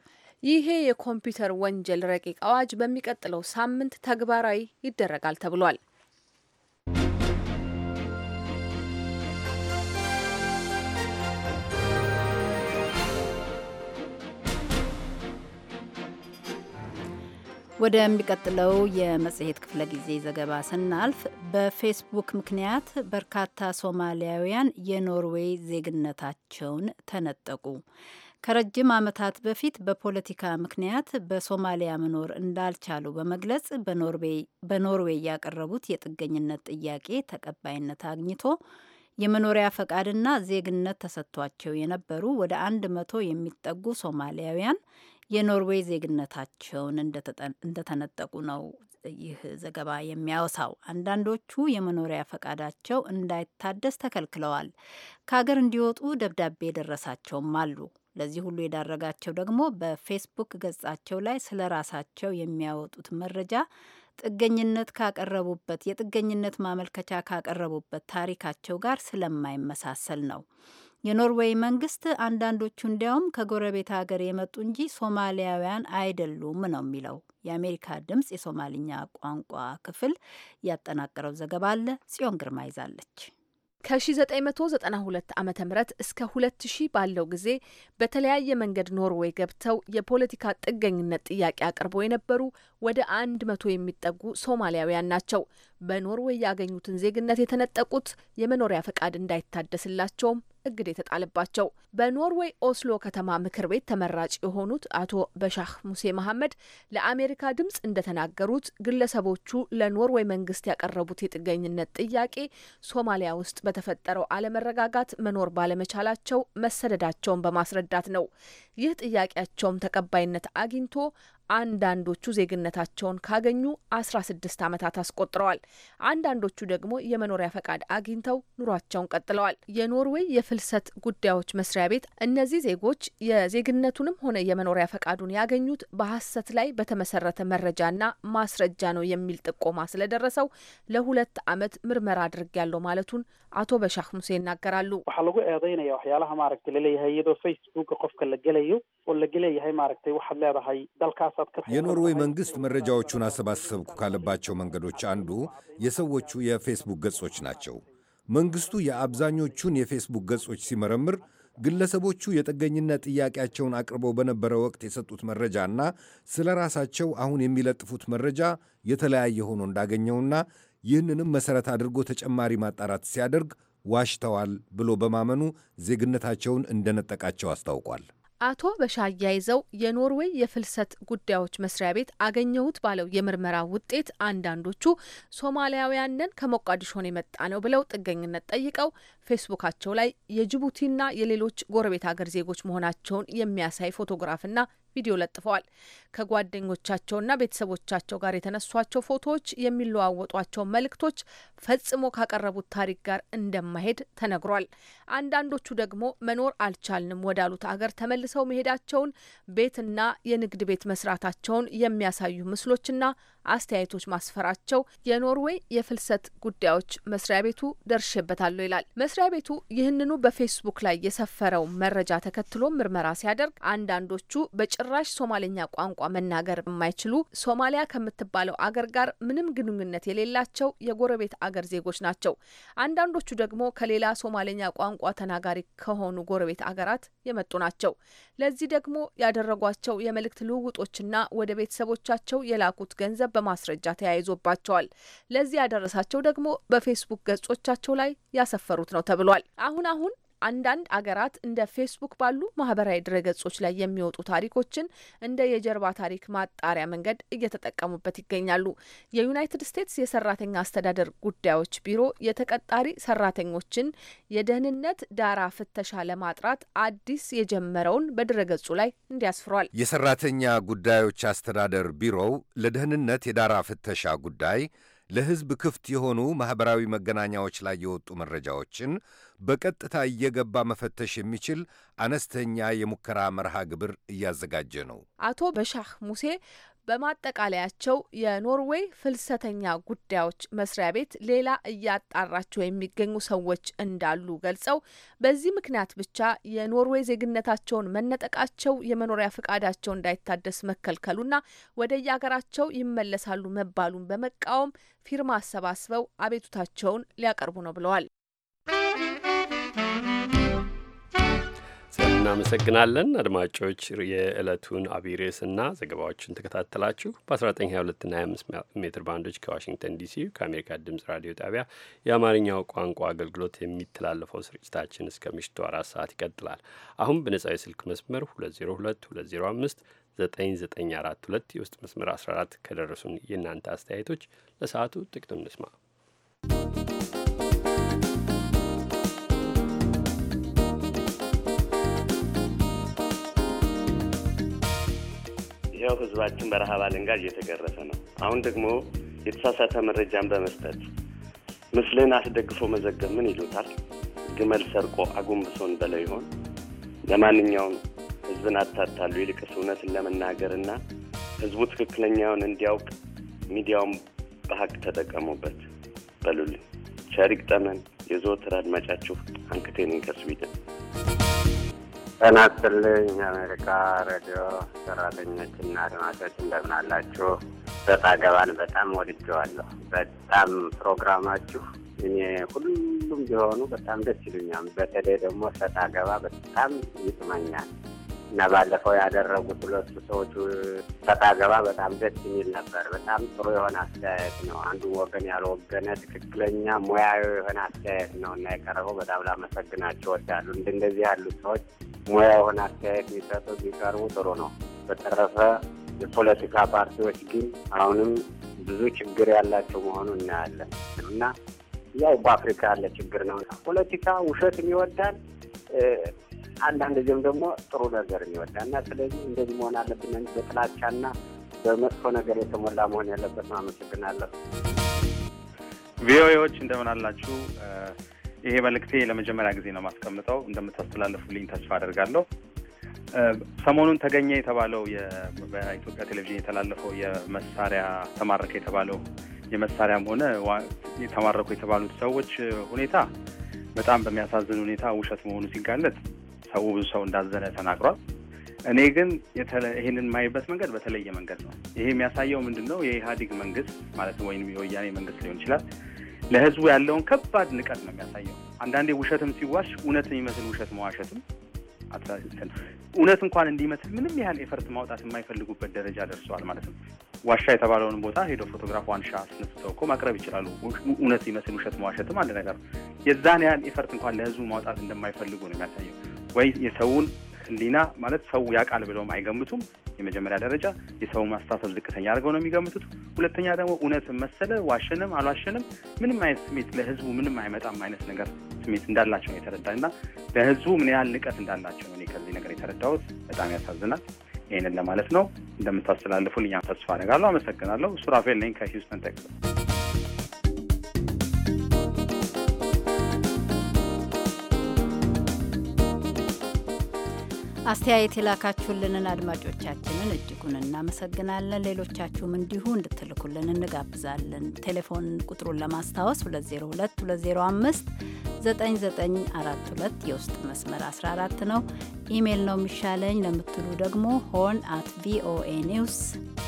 ይሄ የኮምፒውተር ወንጀል ረቂቅ አዋጅ በሚቀጥለው ሳምንት ተግባራዊ ይደረጋል ተብሏል። ወደሚቀጥለው የመጽሔት ክፍለ ጊዜ ዘገባ ስናልፍ በፌስቡክ ምክንያት በርካታ ሶማሊያውያን የኖርዌይ ዜግነታቸውን ተነጠቁ። ከረጅም ዓመታት በፊት በፖለቲካ ምክንያት በሶማሊያ መኖር እንዳልቻሉ በመግለጽ በኖርዌይ ያቀረቡት የጥገኝነት ጥያቄ ተቀባይነት አግኝቶ የመኖሪያ ፈቃድና ዜግነት ተሰጥቷቸው የነበሩ ወደ አንድ መቶ የሚጠጉ ሶማሊያውያን የኖርዌይ ዜግነታቸውን እንደተነጠቁ ነው ይህ ዘገባ የሚያወሳው። አንዳንዶቹ የመኖሪያ ፈቃዳቸው እንዳይታደስ ተከልክለዋል። ከሀገር እንዲወጡ ደብዳቤ የደረሳቸውም አሉ። ለዚህ ሁሉ የዳረጋቸው ደግሞ በፌስቡክ ገጻቸው ላይ ስለ ራሳቸው የሚያወጡት መረጃ ጥገኝነት ካቀረቡበት የጥገኝነት ማመልከቻ ካቀረቡበት ታሪካቸው ጋር ስለማይመሳሰል ነው። የኖርዌይ መንግስት አንዳንዶቹ እንዲያውም ከጎረቤት ሀገር የመጡ እንጂ ሶማሊያውያን አይደሉም ነው የሚለው። የአሜሪካ ድምፅ የሶማልኛ ቋንቋ ክፍል ያጠናቀረው ዘገባ አለ። ጽዮን ግርማ ይዛለች። ከ1992 ዓ ም እስከ 2000 ባለው ጊዜ በተለያየ መንገድ ኖርዌይ ገብተው የፖለቲካ ጥገኝነት ጥያቄ አቅርበው የነበሩ ወደ አንድ መቶ የሚጠጉ ሶማሊያውያን ናቸው። በኖርዌይ ያገኙትን ዜግነት የተነጠቁት የመኖሪያ ፈቃድ እንዳይታደስላቸውም እግድ የተጣለባቸው። በኖርዌይ ኦስሎ ከተማ ምክር ቤት ተመራጭ የሆኑት አቶ በሻህ ሙሴ መሐመድ ለአሜሪካ ድምጽ እንደተናገሩት ግለሰቦቹ ለኖርዌይ መንግስት ያቀረቡት የጥገኝነት ጥያቄ ሶማሊያ ውስጥ በተፈጠረው አለመረጋጋት መኖር ባለመቻላቸው መሰደዳቸውን በማስረዳት ነው። ይህ ጥያቄያቸውም ተቀባይነት አግኝቶ አንዳንዶቹ ዜግነታቸውን ካገኙ አስራ ስድስት ዓመታት አስቆጥረዋል። አንዳንዶቹ ደግሞ የመኖሪያ ፈቃድ አግኝተው ኑሯቸውን ቀጥለዋል። የኖርዌይ የፍልሰት ጉዳዮች መስሪያ ቤት እነዚህ ዜጎች የዜግነቱንም ሆነ የመኖሪያ ፈቃዱን ያገኙት በሐሰት ላይ በተመሰረተ መረጃና ማስረጃ ነው የሚል ጥቆማ ስለደረሰው ለሁለት ዓመት ምርመራ ያለው ማለቱን አቶ በሻህ ሙሴ ይናገራሉ። የኖርዌይ መንግስት መረጃዎቹን አሰባሰብኩ ካለባቸው መንገዶች አንዱ የሰዎቹ የፌስቡክ ገጾች ናቸው። መንግስቱ የአብዛኞቹን የፌስቡክ ገጾች ሲመረምር ግለሰቦቹ የጥገኝነት ጥያቄያቸውን አቅርበው በነበረ ወቅት የሰጡት መረጃና ስለ ራሳቸው አሁን የሚለጥፉት መረጃ የተለያየ ሆኖ እንዳገኘውና ይህንንም መሠረት አድርጎ ተጨማሪ ማጣራት ሲያደርግ ዋሽተዋል ብሎ በማመኑ ዜግነታቸውን እንደነጠቃቸው አስታውቋል። አቶ በሻያ ይዘው የኖርዌይ የፍልሰት ጉዳዮች መስሪያ ቤት አገኘሁት ባለው የምርመራ ውጤት አንዳንዶቹ ሶማሊያውያንን ከሞቃዲሾን የመጣ ነው ብለው ጥገኝነት ጠይቀው ፌስቡካቸው ላይ የጅቡቲና የሌሎች ጎረቤት ሀገር ዜጎች መሆናቸውን የሚያሳይ ፎቶግራፍና ቪዲዮ ለጥፈዋል። ከጓደኞቻቸውና ቤተሰቦቻቸው ጋር የተነሷቸው ፎቶዎች፣ የሚለዋወጧቸው መልእክቶች ፈጽሞ ካቀረቡት ታሪክ ጋር እንደማሄድ ተነግሯል። አንዳንዶቹ ደግሞ መኖር አልቻልንም ወዳሉት አገር ተመልሰው መሄዳቸውን፣ ቤትና የንግድ ቤት መስራታቸውን የሚያሳዩ ምስሎችና አስተያየቶች ማስፈራቸው የኖርዌይ የፍልሰት ጉዳዮች መስሪያ ቤቱ ደርሼበታለሁ ይላል። መስሪያ ቤቱ ይህንኑ በፌስቡክ ላይ የሰፈረው መረጃ ተከትሎ ምርመራ ሲያደርግ አንዳንዶቹ በጭራሽ ሶማሌኛ ቋንቋ መናገር የማይችሉ ሶማሊያ ከምትባለው አገር ጋር ምንም ግንኙነት የሌላቸው የጎረቤት አገር ዜጎች ናቸው። አንዳንዶቹ ደግሞ ከሌላ ሶማሌኛ ቋንቋ ተናጋሪ ከሆኑ ጎረቤት አገራት የመጡ ናቸው። ለዚህ ደግሞ ያደረጓቸው የመልእክት ልውውጦችና ወደ ቤተሰቦቻቸው የላኩት ገንዘብ በማስረጃ ተያይዞባቸዋል። ለዚህ ያደረሳቸው ደግሞ በፌስቡክ ገጾቻቸው ላይ ያሰፈሩት ነው ተብሏል። አሁን አሁን አንዳንድ አገራት እንደ ፌስቡክ ባሉ ማህበራዊ ድረገጾች ላይ የሚወጡ ታሪኮችን እንደ የጀርባ ታሪክ ማጣሪያ መንገድ እየተጠቀሙበት ይገኛሉ። የዩናይትድ ስቴትስ የሰራተኛ አስተዳደር ጉዳዮች ቢሮ የተቀጣሪ ሰራተኞችን የደህንነት ዳራ ፍተሻ ለማጥራት አዲስ የጀመረውን በድረገጹ ላይ እንዲያስፍሯል። የሰራተኛ ጉዳዮች አስተዳደር ቢሮው ለደህንነት የዳራ ፍተሻ ጉዳይ ለሕዝብ ክፍት የሆኑ ማኅበራዊ መገናኛዎች ላይ የወጡ መረጃዎችን በቀጥታ እየገባ መፈተሽ የሚችል አነስተኛ የሙከራ መርሃ ግብር እያዘጋጀ ነው። አቶ በሻህ ሙሴ በማጠቃለያቸው የኖርዌይ ፍልሰተኛ ጉዳዮች መስሪያ ቤት ሌላ እያጣራቸው የሚገኙ ሰዎች እንዳሉ ገልጸው በዚህ ምክንያት ብቻ የኖርዌይ ዜግነታቸውን መነጠቃቸው የመኖሪያ ፈቃዳቸው እንዳይታደስ መከልከሉና ወደ የሀገራቸው ይመለሳሉ መባሉን በመቃወም ፊርማ አሰባስበው አቤቱታቸውን ሊያቀርቡ ነው ብለዋል። እናመሰግናለን። አድማጮች የዕለቱን አብይ ርዕስና ዘገባዎችን ተከታተላችሁ በ 1922 25 ሜትር ባንዶች ከዋሽንግተን ዲሲ ከአሜሪካ ድምፅ ራዲዮ ጣቢያ የአማርኛው ቋንቋ አገልግሎት የሚተላለፈው ስርጭታችን እስከ ምሽቱ አራት ሰዓት ይቀጥላል። አሁን በነጻው የስልክ መስመር 2022059942 9942 የውስጥ መስመር 14 ከደረሱን የእናንተ አስተያየቶች ለሰዓቱ ጥቂቱን እንስማ። ያው ህዝባችን በረሃብ አለንጋ እየተገረሰ ነው። አሁን ደግሞ የተሳሳተ መረጃን በመስጠት ምስልን አስደግፎ መዘገብ ምን ይሉታል? ግመል ሰርቆ አጉንብሶን በለው ይሆን? ለማንኛውም ህዝብን አታታሉ። ይልቅስ እውነትን ለመናገርና ህዝቡ ትክክለኛውን እንዲያውቅ ሚዲያውም በሀቅ ተጠቀሙበት በሉልኝ። ቸር ጠመን የዘወትር አድማጫችሁ አንክቴን ከስዊድን ጤና ይስጥልኝ የአሜሪካ ሬዲዮ እና አድማጮች እንደምን አላችሁ? ገባን በጣም ወድጀዋለሁ። በጣም ፕሮግራማችሁ እኔ ሁሉም ቢሆኑ በጣም ደስ ይሉኛል። በተለይ ደግሞ ሰጣ ገባ በጣም ይጥመኛል። እና ባለፈው ያደረጉት ሁለቱ ሰዎቹ ሰጣ ገባ በጣም ደስ የሚል ነበር። በጣም ጥሩ የሆነ አስተያየት ነው። አንዱ ወገን ያልወገነ ትክክለኛ ሙያዊ የሆነ አስተያየት ነው እና የቀረበው በጣም ላመሰግናቸው ወዳሉ እንደ እንደዚህ ያሉ ሰዎች ሙያ የሆነ አስተያየት ቢሰጡ ቢቀርቡ ጥሩ ነው። በተረፈ የፖለቲካ ፓርቲዎች ግን አሁንም ብዙ ችግር ያላቸው መሆኑ እናያለን እና ያው በአፍሪካ ያለ ችግር ነው። ፖለቲካ ውሸትም ይወዳል አንዳንድ ጊዜም ደግሞ ጥሩ ነገር ይወዳና ስለዚህ እንደዚህ መሆን አለብን በጥላቻና በመጥፎ ነገር የተሞላ መሆን ያለበት። አመሰግናለሁ። ቪኦኤዎች እንደምን አላችሁ? ይሄ መልእክቴ ለመጀመሪያ ጊዜ ነው የማስቀምጠው። እንደምታስተላልፉልኝ ተስፋ አደርጋለሁ። ሰሞኑን ተገኘ የተባለው በኢትዮጵያ ቴሌቪዥን የተላለፈው የመሳሪያ ተማረከ የተባለው የመሳሪያም ሆነ ተማረኩ የተባሉት ሰዎች ሁኔታ በጣም በሚያሳዝን ሁኔታ ውሸት መሆኑ ሲጋለጥ ሰው ብዙ ሰው እንዳዘነ ተናግሯል። እኔ ግን ይህንን የማይበት መንገድ በተለየ መንገድ ነው። ይሄ የሚያሳየው ምንድን ነው? የኢህአዴግ መንግስት ማለት ወይም የወያኔ መንግስት ሊሆን ይችላል ለህዝቡ ያለውን ከባድ ንቀት ነው የሚያሳየው። አንዳንዴ ውሸትም ሲዋሽ እውነት የሚመስል ውሸት መዋሸትም እውነት እንኳን እንዲመስል ምንም ያህል ኤፈርት ማውጣት የማይፈልጉበት ደረጃ ደርሰዋል ማለት ነው። ዋሻ የተባለውን ቦታ ሄዶ ፎቶግራፍ ዋንሻ አስነስተው እኮ ማቅረብ ይችላሉ። እውነት ይመስል ውሸት መዋሸትም አንድ ነገር የዛን ያህል ኤፈርት እንኳን ለህዝቡ ማውጣት እንደማይፈልጉ ነው የሚያሳየው። ወይ የሰውን ህሊና ማለት ሰው ያውቃል ብለውም አይገምቱም። የመጀመሪያ ደረጃ የሰውን ማስተሳሰብ ዝቅተኛ አድርገው ነው የሚገምቱት። ሁለተኛ ደግሞ እውነት መሰለ ዋሸንም አልዋሸንም ምንም አይነት ስሜት ለህዝቡ ምንም አይመጣም አይነት ነገር ስሜት እንዳላቸው ነው የተረዳኝ እና ለህዝቡ ምን ያህል ንቀት እንዳላቸው ነው ከዚህ ነገር የተረዳሁት። በጣም ያሳዝናል። ይህንን ለማለት ነው። እንደምታስተላልፉልኝ ተስፋ አደርጋለሁ። አመሰግናለሁ። ሱራፌል ነኝ ከሂውስተን ቴክሳስ። አስተያየት የላካችሁልንን አድማጮቻችንን እጅጉን እናመሰግናለን። ሌሎቻችሁም እንዲሁ እንድትልኩልን እንጋብዛለን። ቴሌፎን ቁጥሩን ለማስታወስ 2022059942 የውስጥ መስመር 14 ነው። ኢሜይል ነው የሚሻለኝ ለምትሉ ደግሞ ሆን አት ቪኦኤ ኒውስ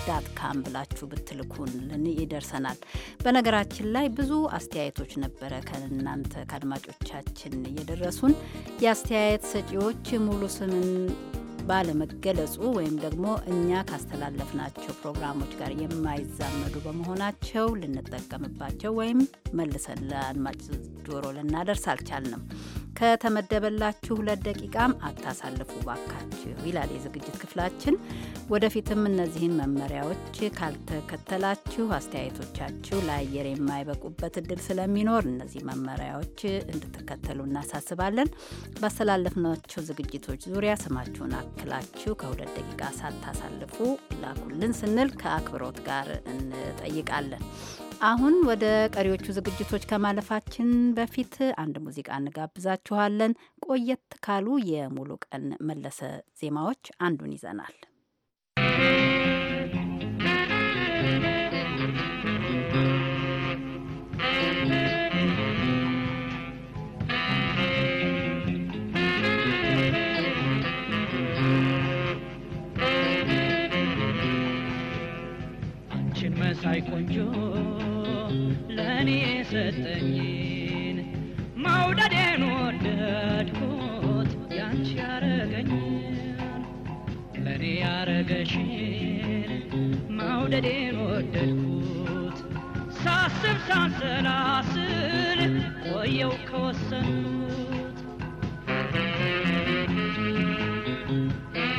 ዳት ካም ብላችሁ ብትልኩልን ይደርሰናል። በነገራችን ላይ ብዙ አስተያየቶች ነበረ ከእናንተ ከአድማጮቻችን እየደረሱን የአስተያየት ሰጪዎች ሙሉ ስምን ባለመገለጹ ወይም ደግሞ እኛ ካስተላለፍናቸው ፕሮግራሞች ጋር የማይዛመዱ በመሆናቸው ልንጠቀምባቸው ወይም መልሰን ለአድማጭ ጆሮ ልናደርስ አልቻልንም። ከተመደበላችሁ ሁለት ደቂቃም አታሳልፉ ባካችሁ ይላል የዝግጅት ክፍላችን። ወደፊትም እነዚህን መመሪያዎች ካልተከተላችሁ አስተያየቶቻችሁ ለአየር የማይበቁበት እድል ስለሚኖር እነዚህ መመሪያዎች እንድትከተሉ እናሳስባለን። ባስተላለፍናቸው ዝግጅቶች ዙሪያ ስማችሁን አክላችሁ ከሁለት ደቂቃ ሳታሳልፉ ላኩልን ስንል ከአክብሮት ጋር እንጠይቃለን። አሁን ወደ ቀሪዎቹ ዝግጅቶች ከማለፋችን በፊት አንድ ሙዚቃ እንጋብዛችኋለን። ቆየት ካሉ የሙሉ ቀን መለሰ ዜማዎች አንዱን ይዘናል። መሳይ ቆንጆ የሰጠኝን መውደዴን ወደድኩት ያንቺ ያረገኝን ለእኔ ያረገሽን መውደዴን ወደድኩት ሳስብ ሳንሰላስል ቆየው ከወሰኑት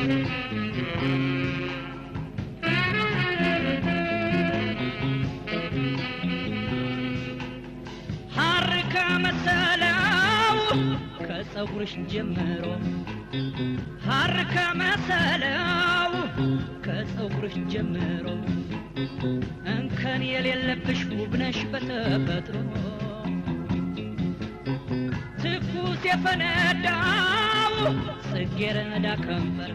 Thank you. ከፀጉርሽ ጀምሮ ሀር ከመሰለው ከጸጉርሽ ጀምሮ እንከን የሌለብሽ ውብነሽ በተፈጥሮ ትኩስ የፈነዳው ጽጌረዳ ከንፈር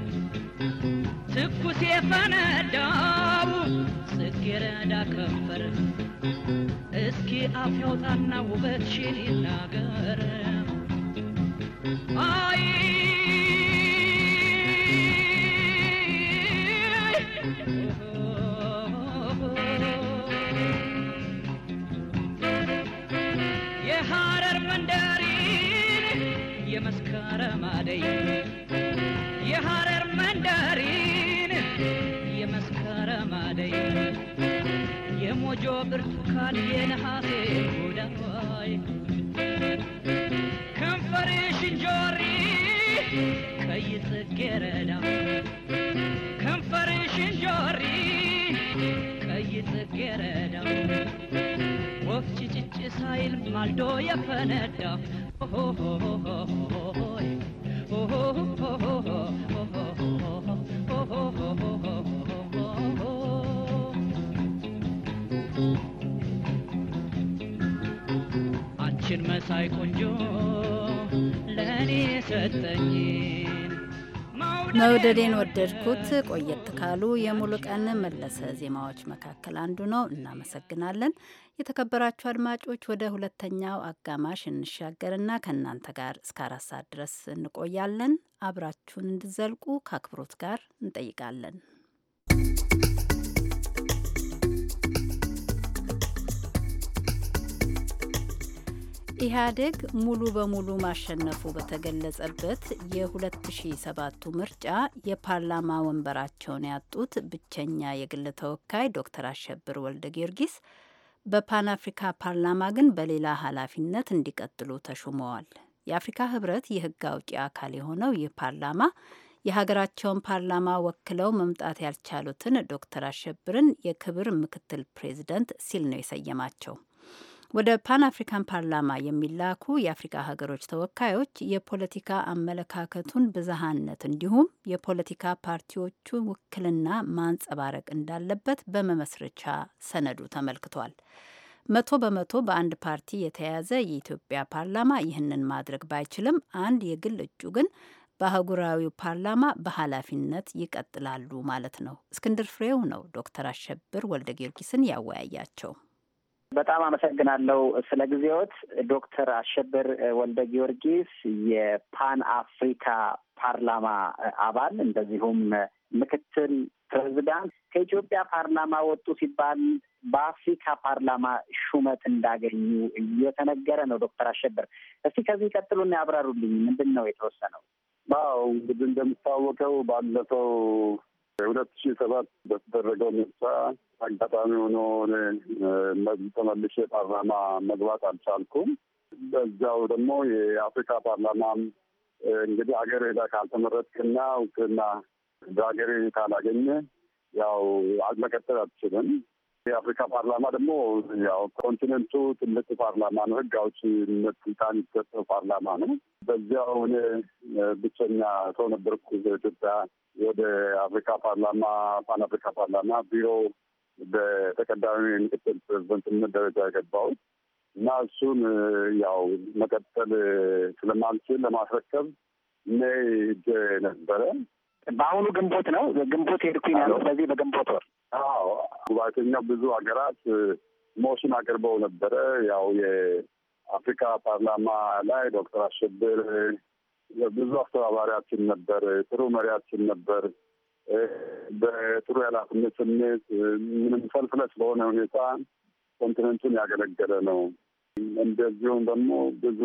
ትኩስ የፈነዳው ጽጌረዳ ከንፈር እስኪ አፍ ያውጣና ውበትሽን ይናገር የሐረር መንደሪን የመስከረም አደይ የሐረር መንደሪን የመስከረም አደይ የሞጆ ብርቱካን የነሐሴ ጌረዳ ከንፈርሽን ጆሪ ቀይ ጽጌረዳ ወፍ ጭጭጭ ሳይል ማልዶ የፈነዳ አንቺን መሳይ ቆንጆ ለእኔ ሰጠኝ መውደዴን ወደድኩት ቆየት ካሉ የሙሉቀን መለሰ ዜማዎች መካከል አንዱ ነው። እናመሰግናለን። የተከበራችሁ አድማጮች ወደ ሁለተኛው አጋማሽ እንሻገርና ከእናንተ ጋር እስከ አራት ሰዓት ድረስ እንቆያለን። አብራችሁን እንድዘልቁ ከአክብሮት ጋር እንጠይቃለን። ኢህአዴግ ሙሉ በሙሉ ማሸነፉ በተገለጸበት የ2007 ምርጫ የፓርላማ ወንበራቸውን ያጡት ብቸኛ የግል ተወካይ ዶክተር አሸብር ወልደ ጊዮርጊስ በፓን አፍሪካ ፓርላማ ግን በሌላ ኃላፊነት እንዲቀጥሉ ተሹመዋል። የአፍሪካ ህብረት የህግ አውጪ አካል የሆነው ይህ ፓርላማ የሀገራቸውን ፓርላማ ወክለው መምጣት ያልቻሉትን ዶክተር አሸብርን የክብር ምክትል ፕሬዝደንት ሲል ነው የሰየማቸው። ወደ ፓን አፍሪካን ፓርላማ የሚላኩ የአፍሪካ ሀገሮች ተወካዮች የፖለቲካ አመለካከቱን ብዝሃነት እንዲሁም የፖለቲካ ፓርቲዎቹ ውክልና ማንጸባረቅ እንዳለበት በመመስረቻ ሰነዱ ተመልክቷል። መቶ በመቶ በአንድ ፓርቲ የተያዘ የኢትዮጵያ ፓርላማ ይህንን ማድረግ ባይችልም አንድ የግል እጩ ግን በአህጉራዊው ፓርላማ በኃላፊነት ይቀጥላሉ ማለት ነው። እስክንድር ፍሬው ነው ዶክተር አሸብር ወልደ ጊዮርጊስን ያወያያቸው። በጣም አመሰግናለሁ ስለ ጊዜዎት። ዶክተር አሸብር ወልደ ጊዮርጊስ የፓን አፍሪካ ፓርላማ አባል እንደዚሁም ምክትል ፕሬዚዳንት ከኢትዮጵያ ፓርላማ ወጡ ሲባል በአፍሪካ ፓርላማ ሹመት እንዳገኙ እየተነገረ ነው። ዶክተር አሸብር እስቲ ከዚህ ቀጥሉና ያብራሩልኝ። ምንድን ነው የተወሰነው? አዎ እንግዲህ እንደሚታወቀው ባለፈው ሁለት ሺ ሰባት በተደረገው ምርጫ አጋጣሚ ሆኖ ተመልሼ ፓርላማ መግባት አልቻልኩም። በዚያው ደግሞ የአፍሪካ ፓርላማም እንግዲህ ሀገር ሄዳ ካልተመረጥክና እውቅና በሀገር ካላገኘ ያው መቀጠል አትችልም። የአፍሪካ ፓርላማ ደግሞ ያው ኮንቲኔንቱ ትልቅ ፓርላማ ነው። ህግ አውጪነት ስልጣን የተሰጠው ፓርላማ ነው። በዚያው እኔ ብቸኛ ሰው ነበርኩ በኢትዮጵያ ወደ አፍሪካ ፓርላማ ፓን አፍሪካ ፓርላማ ቢሮ በተቀዳሚ ምክትል ፕሬዚደንትነት ደረጃ የገባሁት እና እሱን ያው መቀጠል ስለማልችል ለማስረከብ እኔ ሄጄ ነበረ። በአሁኑ ግንቦት ነው ግንቦት ሄድኩኝ ያሉት በዚህ በግንቦት ወር አዎ ጉባኤተኛው ብዙ ሀገራት ሞሽን አቅርበው ነበረ። ያው የአፍሪካ ፓርላማ ላይ ዶክተር አሸብር ብዙ አስተባባሪያችን ነበር፣ ጥሩ መሪያችን ነበር። በጥሩ የኃላፊነት ስሜት ምንም ፈልፍለስ በሆነ ሁኔታ ኮንቲኔንቱን ያገለገለ ነው። እንደዚሁም ደግሞ ብዙ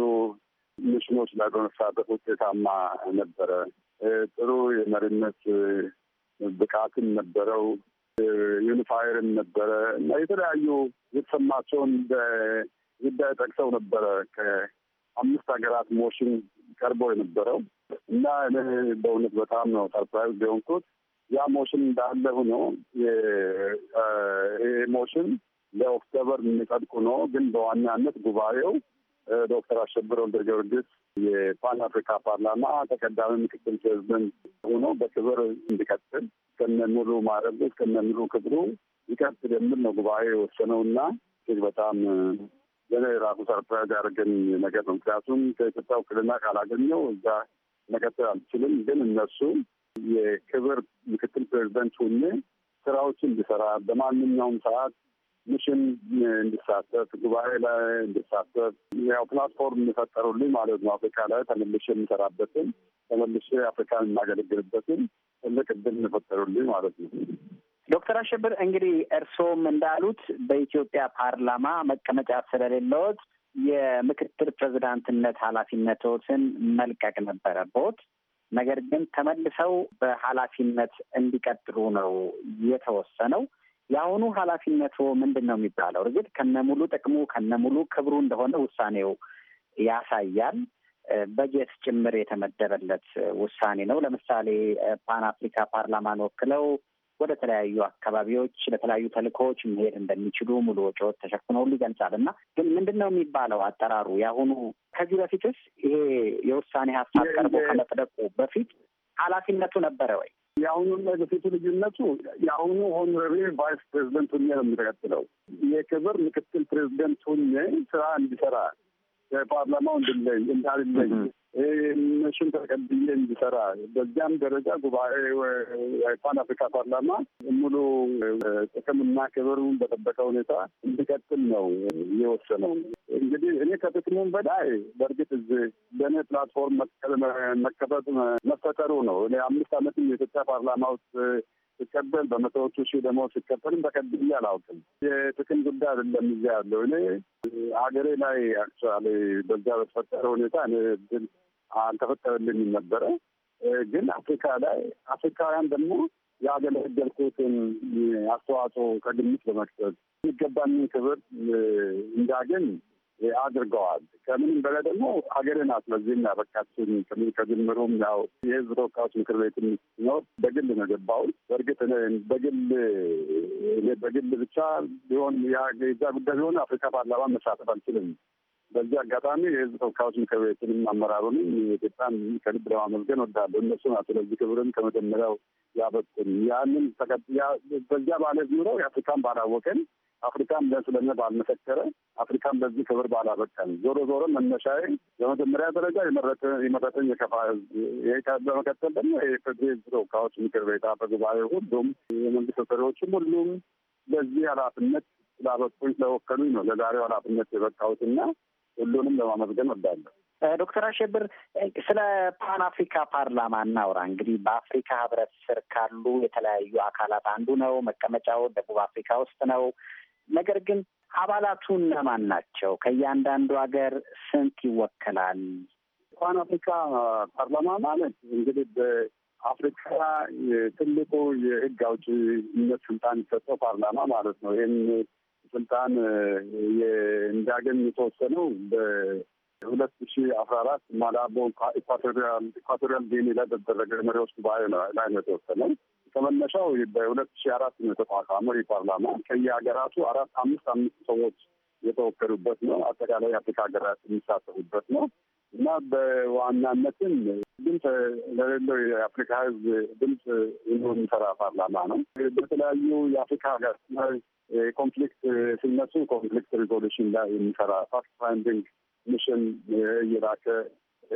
ሚሽኖች ላይ በመሳተፍ ውጤታማ ነበረ። ጥሩ የመሪነት ብቃትም ነበረው። ዩኒፋየርም ነበረ እና የተለያዩ የተሰማቸውን ጉዳይ ጠቅሰው ነበረ ከአምስት ሀገራት ሞሽን ቀርቦ የነበረው እና በእውነት በጣም ነው ሰርፕራይዝ ቢሆንኩት። ያ ሞሽን እንዳለ ሆኖ ይሄ ሞሽን ለኦክቶበር የሚጸድቁ ነው። ግን በዋናነት ጉባኤው ዶክተር አሸብር ወልደ ጊዮርጊስ የፓን አፍሪካ ፓርላማ ተቀዳሚ ምክትል ፕሬዚደንት ሆኖ በክብር እንዲቀጥል ከነሙሉ ማዕረጉ ከነሙሉ ክብሩ ይቀጥል የሚል ነው ጉባኤ የወሰነው እና እጅግ በጣም ለእኔ ራሱ ሰርፕራይዝ ያደርገኝ ነገር ነው። ምክንያቱም ከኢትዮጵያ ውክልና ካላገኘው እዛ መቀጠል አልችልም። ግን እነሱ የክብር ምክትል ፕሬዚደንት ሁኔ ስራዎችን እንዲሰራ በማንኛውም ሰዓት ሚሽን እንዲሳተፍ ጉባኤ ላይ እንዲሳተፍ ያው ፕላትፎርም የፈጠሩልኝ ማለት ነው። አፍሪካ ላይ ተመልሼ የምሰራበትን ተመልሼ አፍሪካን የማገለግልበትን ትልቅ እድል የፈጠሩልኝ ማለት ነው። ዶክተር አሸብር እንግዲህ እርስዎም እንዳሉት በኢትዮጵያ ፓርላማ መቀመጫ ስለሌለዎት የምክትል ፕሬዚዳንትነት ኃላፊነቶትን መልቀቅ ነበረቦት። ነገር ግን ተመልሰው በኃላፊነት እንዲቀጥሉ ነው የተወሰነው። የአሁኑ ኃላፊነቱ ምንድን ነው የሚባለው እርግጥ ከነሙሉ ጥቅሙ ከነሙሉ ክብሩ እንደሆነ ውሳኔው ያሳያል። በጀት ጭምር የተመደበለት ውሳኔ ነው። ለምሳሌ ፓን አፍሪካ ፓርላማን ወክለው ወደ ተለያዩ አካባቢዎች ለተለያዩ ተልእኮዎች መሄድ እንደሚችሉ ሙሉ ወጪዎች ተሸፍነው ይገልጻል። እና ግን ምንድን ነው የሚባለው አጠራሩ የአሁኑ ከዚህ በፊትስ ይሄ የውሳኔ ሀሳብ ቀርቦ ከመጽደቁ በፊት ኃላፊነቱ ነበረ ወይ? የአሁኑና በፊቱ ልዩነቱ የአሁኑ ሆኖሬ ቫይስ ፕሬዚደንት ሁኜ ነው የምቀጥለው። የክብር ምክትል ፕሬዚደንት ሁኜ ስራ እንዲሰራ የፓርላማው እንድለይ እንዳልለይ እነሱን ተቀብዬ እንዲሰራ በዚያም ደረጃ ጉባኤ ፓን አፍሪካ ፓርላማ ሙሉ ጥቅምና ክብሩን በጠበቀ ሁኔታ እንዲቀጥል ነው የወሰነው። እንግዲህ እኔ ከጥቅሙም በላይ በእርግጥ እዚህ በእኔ ፕላትፎርም መከፈት መፈጠሩ ነው። እኔ አምስት ዓመትም የኢትዮጵያ ፓርላማ ውስጥ ስቀበል በመቶዎቹ ሺህ ደግሞ ሲቀበልም ተቀብዬ አላውቅም። የጥቅም ጉዳይ አይደለም እዚያ ያለው እኔ ሀገሬ ላይ አክቹዋሊ በዛ በተፈጠረ ሁኔታ እኔ አልተፈቀደልኝም ነበረ። ግን አፍሪካ ላይ አፍሪካውያን ደግሞ ያገለገልኩትን አስተዋጽኦ ከግምት በመክሰት የሚገባኝን ክብር እንዳገኝ አድርገዋል። ከምንም በላይ ደግሞ ሀገሬ ናት ለዚህም ያበቃችን። ከጅምሩም ያው የህዝብ ተወካዮች ምክር ቤት ሲኖር በግል ነው የገባሁት። በእርግጥ በግል በግል ብቻ ቢሆን የዛ ጉዳይ ቢሆን አፍሪካ ፓርላማ መሳተፍ አልችልም በዚህ አጋጣሚ የህዝብ ተወካዮች ምክር ቤትንም አመራሩንም ኢትዮጵያን ከልብ ለማመልገን ወዳለሁ። እነሱ ናቸው ለዚህ ክብርን ከመጀመሪያው ያበቁን። ያንን በዚያ ባለት ኑረው የአፍሪካን ባላወቀን፣ አፍሪካን ለስለነ ባልመሰከረ፣ አፍሪካን በዚህ ክብር ባላበቀን ዞሮ ዞሮ መነሻዬ በመጀመሪያ ደረጃ የመረጠኝ የከፋ ህዝብ፣ በመቀጠል ደግሞ የህዝብ ተወካዮች ምክር ቤት አፈ ጉባኤ፣ ሁሉም የመንግስት ሰሪዎችም ሁሉም በዚህ ኃላፊነት ስላበቁኝ ስለወከሉኝ ነው ለዛሬው ኃላፊነት የበቃሁትና ሁሉንም ለማመስገን ወዳለሁ። ዶክተር አሸብር ስለ ፓን አፍሪካ ፓርላማ እናውራ። እንግዲህ በአፍሪካ ህብረት ስር ካሉ የተለያዩ አካላት አንዱ ነው። መቀመጫው ደቡብ አፍሪካ ውስጥ ነው። ነገር ግን አባላቱ እነማን ናቸው? ከእያንዳንዱ ሀገር ስንት ይወከላል? ፓን አፍሪካ ፓርላማ ማለት እንግዲህ በአፍሪካ ትልቁ የህግ አውጭነት ስልጣን የሰጠው ፓርላማ ማለት ነው። ይህን ስልጣን እንዲያገኝ የተወሰነው በሁለት ሺ አስራ አራት ማላቦ ኢኳቶሪያል ኢኳቶሪያል ጊኒ ላይ በተደረገ መሪዎች ጉባኤ ላይ ነው የተወሰነው። ከመነሻው በሁለት ሺ አራት ነው የተቋቋመው። ይህ ፓርላማ ከየሀገራቱ አራት አምስት አምስት ሰዎች የተወከሉበት ነው። አጠቃላይ የአፍሪካ ሀገራት የሚሳተፉበት ነው እና በዋናነትም ድምፅ ለሌለው የአፍሪካ ሕዝብ ድምፅ ይኖ የሚሰራ ፓርላማ ነው። በተለያዩ የአፍሪካ ሀገር ኮንፍሊክት ሲነሱ ኮንፍሊክት ሪዞሉሽን ላይ የሚሰራ ፋክት ፋይንዲንግ ሚሽን እየላከ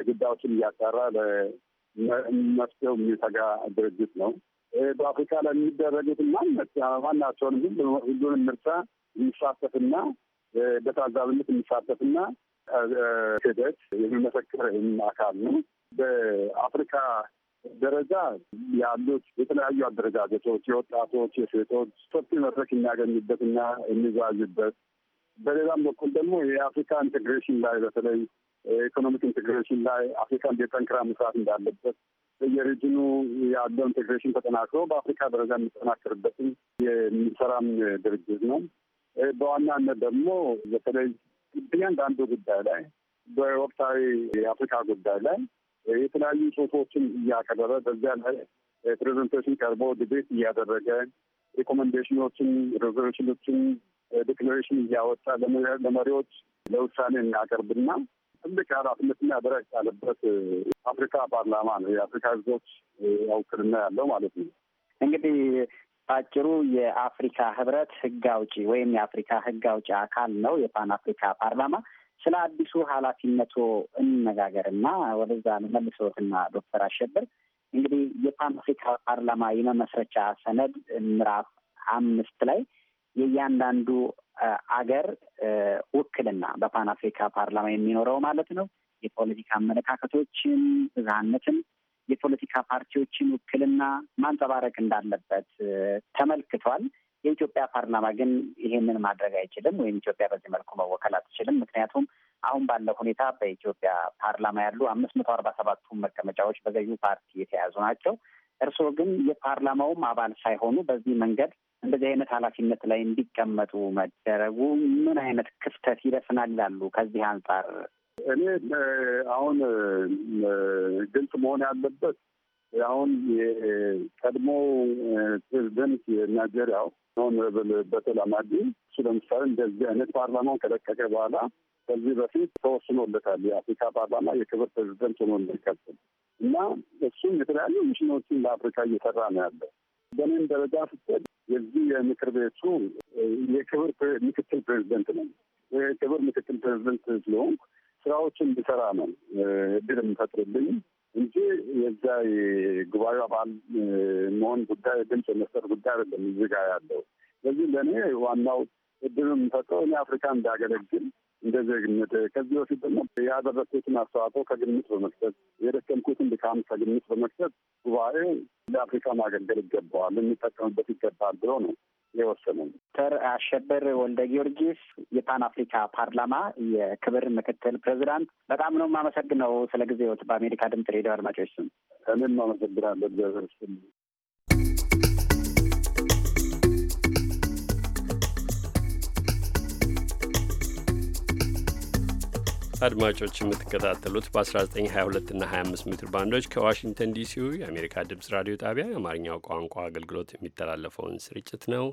ጉዳዮችን እያጣራ ለመፍትሄው የሚተጋ ድርጅት ነው። በአፍሪካ ላይ የሚደረጉት ማነት ማናቸውን ሁሉንም ምርጫ የሚሳተፍና በታዛብነት የሚሳተፍና ሂደት የሚመሰክር አካል ነው። በአፍሪካ ደረጃ ያሉት የተለያዩ አደረጃጀቶች የወጣቶች፣ የሴቶች ሰፊ መድረክ የሚያገኙበት እና የሚጓዝበት በሌላም በኩል ደግሞ የአፍሪካ ኢንቴግሬሽን ላይ በተለይ የኢኮኖሚክ ኢንቴግሬሽን ላይ አፍሪካ እንዴት ጠንክራ መስራት እንዳለበት በየሪጅኑ ያለው ኢንቴግሬሽን ተጠናክሮ በአፍሪካ ደረጃ የሚጠናክርበትም የሚሰራም ድርጅት ነው። በዋናነት ደግሞ በተለይ እያንዳንዱ ጉዳይ ላይ በወቅታዊ የአፍሪካ ጉዳይ ላይ የተለያዩ ጽሁፎችን እያቀረበ በዚያ ላይ ፕሬዘንቴሽን ቀርቦ ዲቤት እያደረገ ሪኮመንዴሽኖችን፣ ሬዞሉሽኖችን፣ ዲክሌሬሽን እያወጣ ለመሪዎች ለውሳኔ እናቀርብና ትልቅ ኃላፊነትና ደረቅ ያለበት አፍሪካ ፓርላማ ነው። የአፍሪካ ህዝቦች ውክልና ያለው ማለት ነው። እንግዲህ በአጭሩ የአፍሪካ ህብረት ህግ አውጪ ወይም የአፍሪካ ህግ አውጪ አካል ነው የፓን አፍሪካ ፓርላማ። ስለ አዲሱ ኃላፊነቱ እንነጋገር እና ወደዛ መልሰዎትና ዶክተር አሸብር እንግዲህ የፓን አፍሪካ ፓርላማ የመመስረቻ ሰነድ ምዕራፍ አምስት ላይ የእያንዳንዱ አገር ውክልና በፓን አፍሪካ ፓርላማ የሚኖረው ማለት ነው የፖለቲካ አመለካከቶችን ብዝሃነትን የፖለቲካ ፓርቲዎችን ውክልና ማንጸባረቅ እንዳለበት ተመልክቷል። የኢትዮጵያ ፓርላማ ግን ይሄንን ማድረግ አይችልም፣ ወይም ኢትዮጵያ በዚህ መልኩ መወከል አትችልም። ምክንያቱም አሁን ባለው ሁኔታ በኢትዮጵያ ፓርላማ ያሉ አምስት መቶ አርባ ሰባቱ መቀመጫዎች በገዢው ፓርቲ የተያዙ ናቸው። እርስዎ ግን የፓርላማውም አባል ሳይሆኑ በዚህ መንገድ እንደዚህ አይነት ኃላፊነት ላይ እንዲቀመጡ መደረጉ ምን አይነት ክፍተት ይደፍናል ይላሉ። ከዚህ አንጻር እኔ አሁን ግልጽ መሆን ያለበት አሁን የቀድሞ ፕሬዚደንት የናይጄሪያው ሆኖረብል በተል እሱ ለምሳሌ እንደዚህ አይነት ፓርላማውን ከለቀቀ በኋላ ከዚህ በፊት ተወስኖለታል። የአፍሪካ ፓርላማ የክብር ፕሬዚደንት ሆኖ እንዲቀጥል እና እሱም የተለያዩ ሚሽኖችን ለአፍሪካ እየሰራ ነው ያለ። በእኔም ደረጃ ስትሄድ የዚህ የምክር ቤቱ የክብር ምክትል ፕሬዚደንት ነው። የክብር ምክትል ፕሬዚደንት ስለሆንኩ ስራዎችን እንዲሰራ ነው እድል የምፈጥርልኝ እንጂ የዛ የጉባኤው አባል መሆን ጉዳይ ድምፅ የመስጠት ጉዳይ አይደለም እዚህ ጋ ያለው። ስለዚህ ለእኔ ዋናው እድሉ የምሰጠው እኔ አፍሪካ እንዳገለግል እንደ ዜግነት ከዚህ በፊት ደግሞ ያደረኩትን አስተዋጽኦ ከግምት በመክሰት የደከምኩትን ድካም ከግምት በመክሰት ጉባኤ ለአፍሪካ ማገልገል ይገባዋል፣ የሚጠቀምበት ይገባል ብሎ ነው የወሰኑ ተር አሸበር ወልደ ጊዮርጊስ የፓን አፍሪካ ፓርላማ የክብር ምክትል ፕሬዚዳንት፣ በጣም ነው የማመሰግነው ስለ ጊዜዎት በአሜሪካ ድምፅ ሬዲዮ አድማጮች ስም። እኔም አመሰግናለሁ እግዚአብሔር አድማጮች የምትከታተሉት በ1922 እና 25 ሜትር ባንዶች ከዋሽንግተን ዲሲው የአሜሪካ ድምፅ ራዲዮ ጣቢያ የአማርኛው ቋንቋ አገልግሎት የሚተላለፈውን ስርጭት ነው።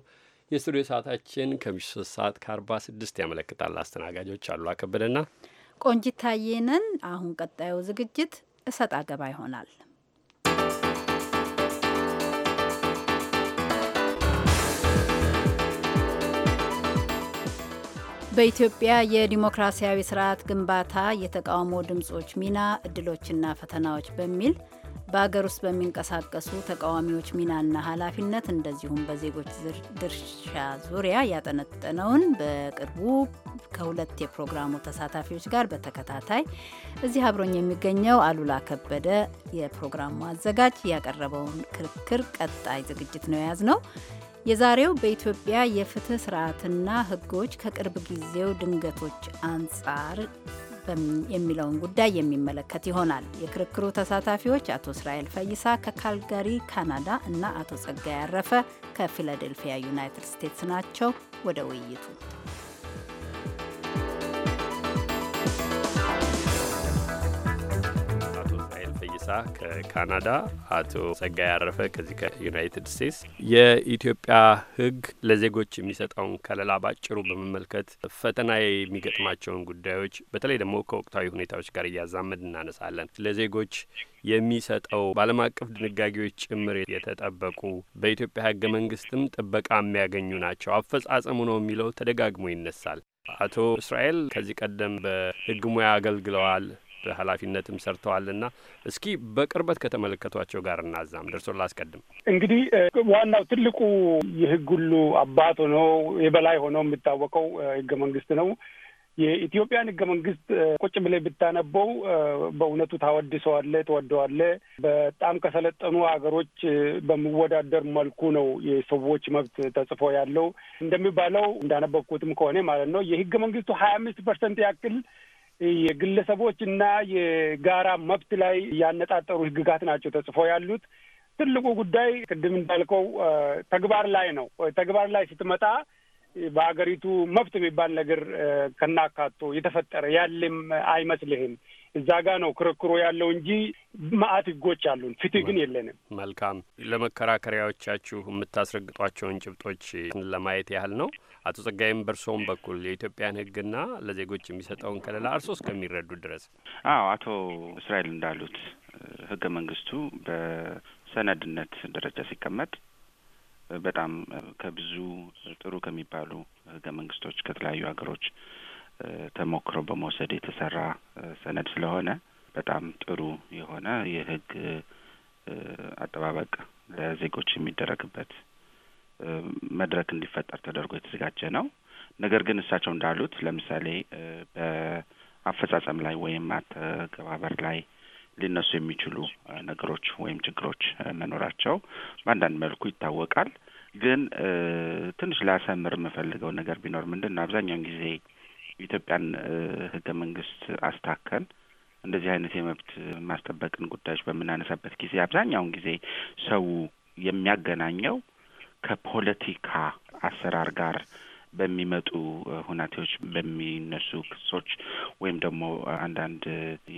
የስቱዲዮ ሰዓታችን ከምሽቱ 3 ሰዓት ከ46 ያመለክታል። አስተናጋጆች አሉ አከበደና ቆንጂት ታየንን። አሁን ቀጣዩ ዝግጅት እሰጥ አገባ ይሆናል። በኢትዮጵያ የዲሞክራሲያዊ ስርዓት ግንባታ የተቃውሞ ድምጾች ሚና፣ እድሎችና ፈተናዎች በሚል በሀገር ውስጥ በሚንቀሳቀሱ ተቃዋሚዎች ሚናና ኃላፊነት እንደዚሁም በዜጎች ድርሻ ዙሪያ ያጠነጠነውን በቅርቡ ከሁለት የፕሮግራሙ ተሳታፊዎች ጋር በተከታታይ እዚህ አብሮኝ የሚገኘው አሉላ ከበደ የፕሮግራሙ አዘጋጅ ያቀረበውን ክርክር ቀጣይ ዝግጅት ነው የያዝ ነው። የዛሬው በኢትዮጵያ የፍትህ ስርዓትና ህጎች ከቅርብ ጊዜው ድንገቶች አንጻር የሚለውን ጉዳይ የሚመለከት ይሆናል። የክርክሩ ተሳታፊዎች አቶ እስራኤል ፈይሳ ከካልጋሪ ካናዳ እና አቶ ጸጋ ያረፈ ከፊላዴልፊያ ዩናይትድ ስቴትስ ናቸው። ወደ ውይይቱ ከካናዳ፣ አቶ ጸጋ ያረፈ ከዚህ ከዩናይትድ ስቴትስ። የኢትዮጵያ ሕግ ለዜጎች የሚሰጠውን ከለላ ባጭሩ በመመልከት ፈተና የሚገጥማቸውን ጉዳዮች በተለይ ደግሞ ከወቅታዊ ሁኔታዎች ጋር እያዛመድ እናነሳለን። ለዜጎች የሚሰጠው በዓለም አቀፍ ድንጋጌዎች ጭምር የተጠበቁ በኢትዮጵያ ሕገ መንግስትም ጥበቃ የሚያገኙ ናቸው። አፈጻጸሙ ነው የሚለው ተደጋግሞ ይነሳል። አቶ እስራኤል ከዚህ ቀደም በህግ ሙያ አገልግለዋል። ኃላፊነትም ሰርተዋልና እስኪ በቅርበት ከተመለከቷቸው ጋር እናዛም። ደርሶ ላስቀድም እንግዲህ ዋናው ትልቁ የህግ ሁሉ አባት ሆኖ የበላይ ሆኖ የሚታወቀው ህገ መንግስት ነው። የኢትዮጵያን ህገ መንግስት ቁጭ ብለህ ብታነበው በእውነቱ ታወድሰዋለህ፣ ትወደዋለህ። በጣም ከሰለጠኑ ሀገሮች በሚወዳደር መልኩ ነው የሰዎች መብት ተጽፎ ያለው። እንደሚባለው እንዳነበብኩትም ከሆነ ማለት ነው የህገ መንግስቱ ሀያ አምስት ፐርሰንት ያክል የግለሰቦች እና የጋራ መብት ላይ ያነጣጠሩ ህግጋት ናቸው ተጽፎ ያሉት። ትልቁ ጉዳይ ቅድም እንዳልከው ተግባር ላይ ነው። ተግባር ላይ ስትመጣ በሀገሪቱ መብት የሚባል ነገር ከናካቶ የተፈጠረ ያለም አይመስልህም። እዛ ጋ ነው ክርክሮ ያለው እንጂ ማአት ህጎች አሉን፣ ፍትህ ግን የለንም። መልካም። ለመከራከሪያዎቻችሁ የምታስረግጧቸውን ጭብጦች ለማየት ያህል ነው። አቶ ጸጋይም በእርስዎም በኩል የኢትዮጵያን ህግና ለዜጎች የሚሰጠውን ከለላ እርሶ እስከሚረዱ ድረስ። አዎ አቶ እስራኤል እንዳሉት ህገ መንግስቱ በሰነድነት ደረጃ ሲቀመጥ በጣም ከብዙ ጥሩ ከሚባሉ ህገ መንግስቶች ከተለያዩ ሀገሮች ተሞክሮ በመውሰድ የተሰራ ሰነድ ስለሆነ በጣም ጥሩ የሆነ የህግ አጠባበቅ ለዜጎች የሚደረግበት መድረክ እንዲፈጠር ተደርጎ የተዘጋጀ ነው። ነገር ግን እሳቸው እንዳሉት ለምሳሌ በአፈጻጸም ላይ ወይም አተገባበር ላይ ሊነሱ የሚችሉ ነገሮች ወይም ችግሮች መኖራቸው በአንዳንድ መልኩ ይታወቃል። ግን ትንሽ ላሰምር የምፈልገው ነገር ቢኖር ምንድን ነው አብዛኛውን ጊዜ የኢትዮጵያን ህገ መንግስት አስታከን እንደዚህ አይነት የመብት ማስጠበቅን ጉዳዮች በምናነሳበት ጊዜ አብዛኛውን ጊዜ ሰው የሚያገናኘው ከፖለቲካ አሰራር ጋር በሚመጡ ሁናቴዎች በሚነሱ ክሶች ወይም ደግሞ አንዳንድ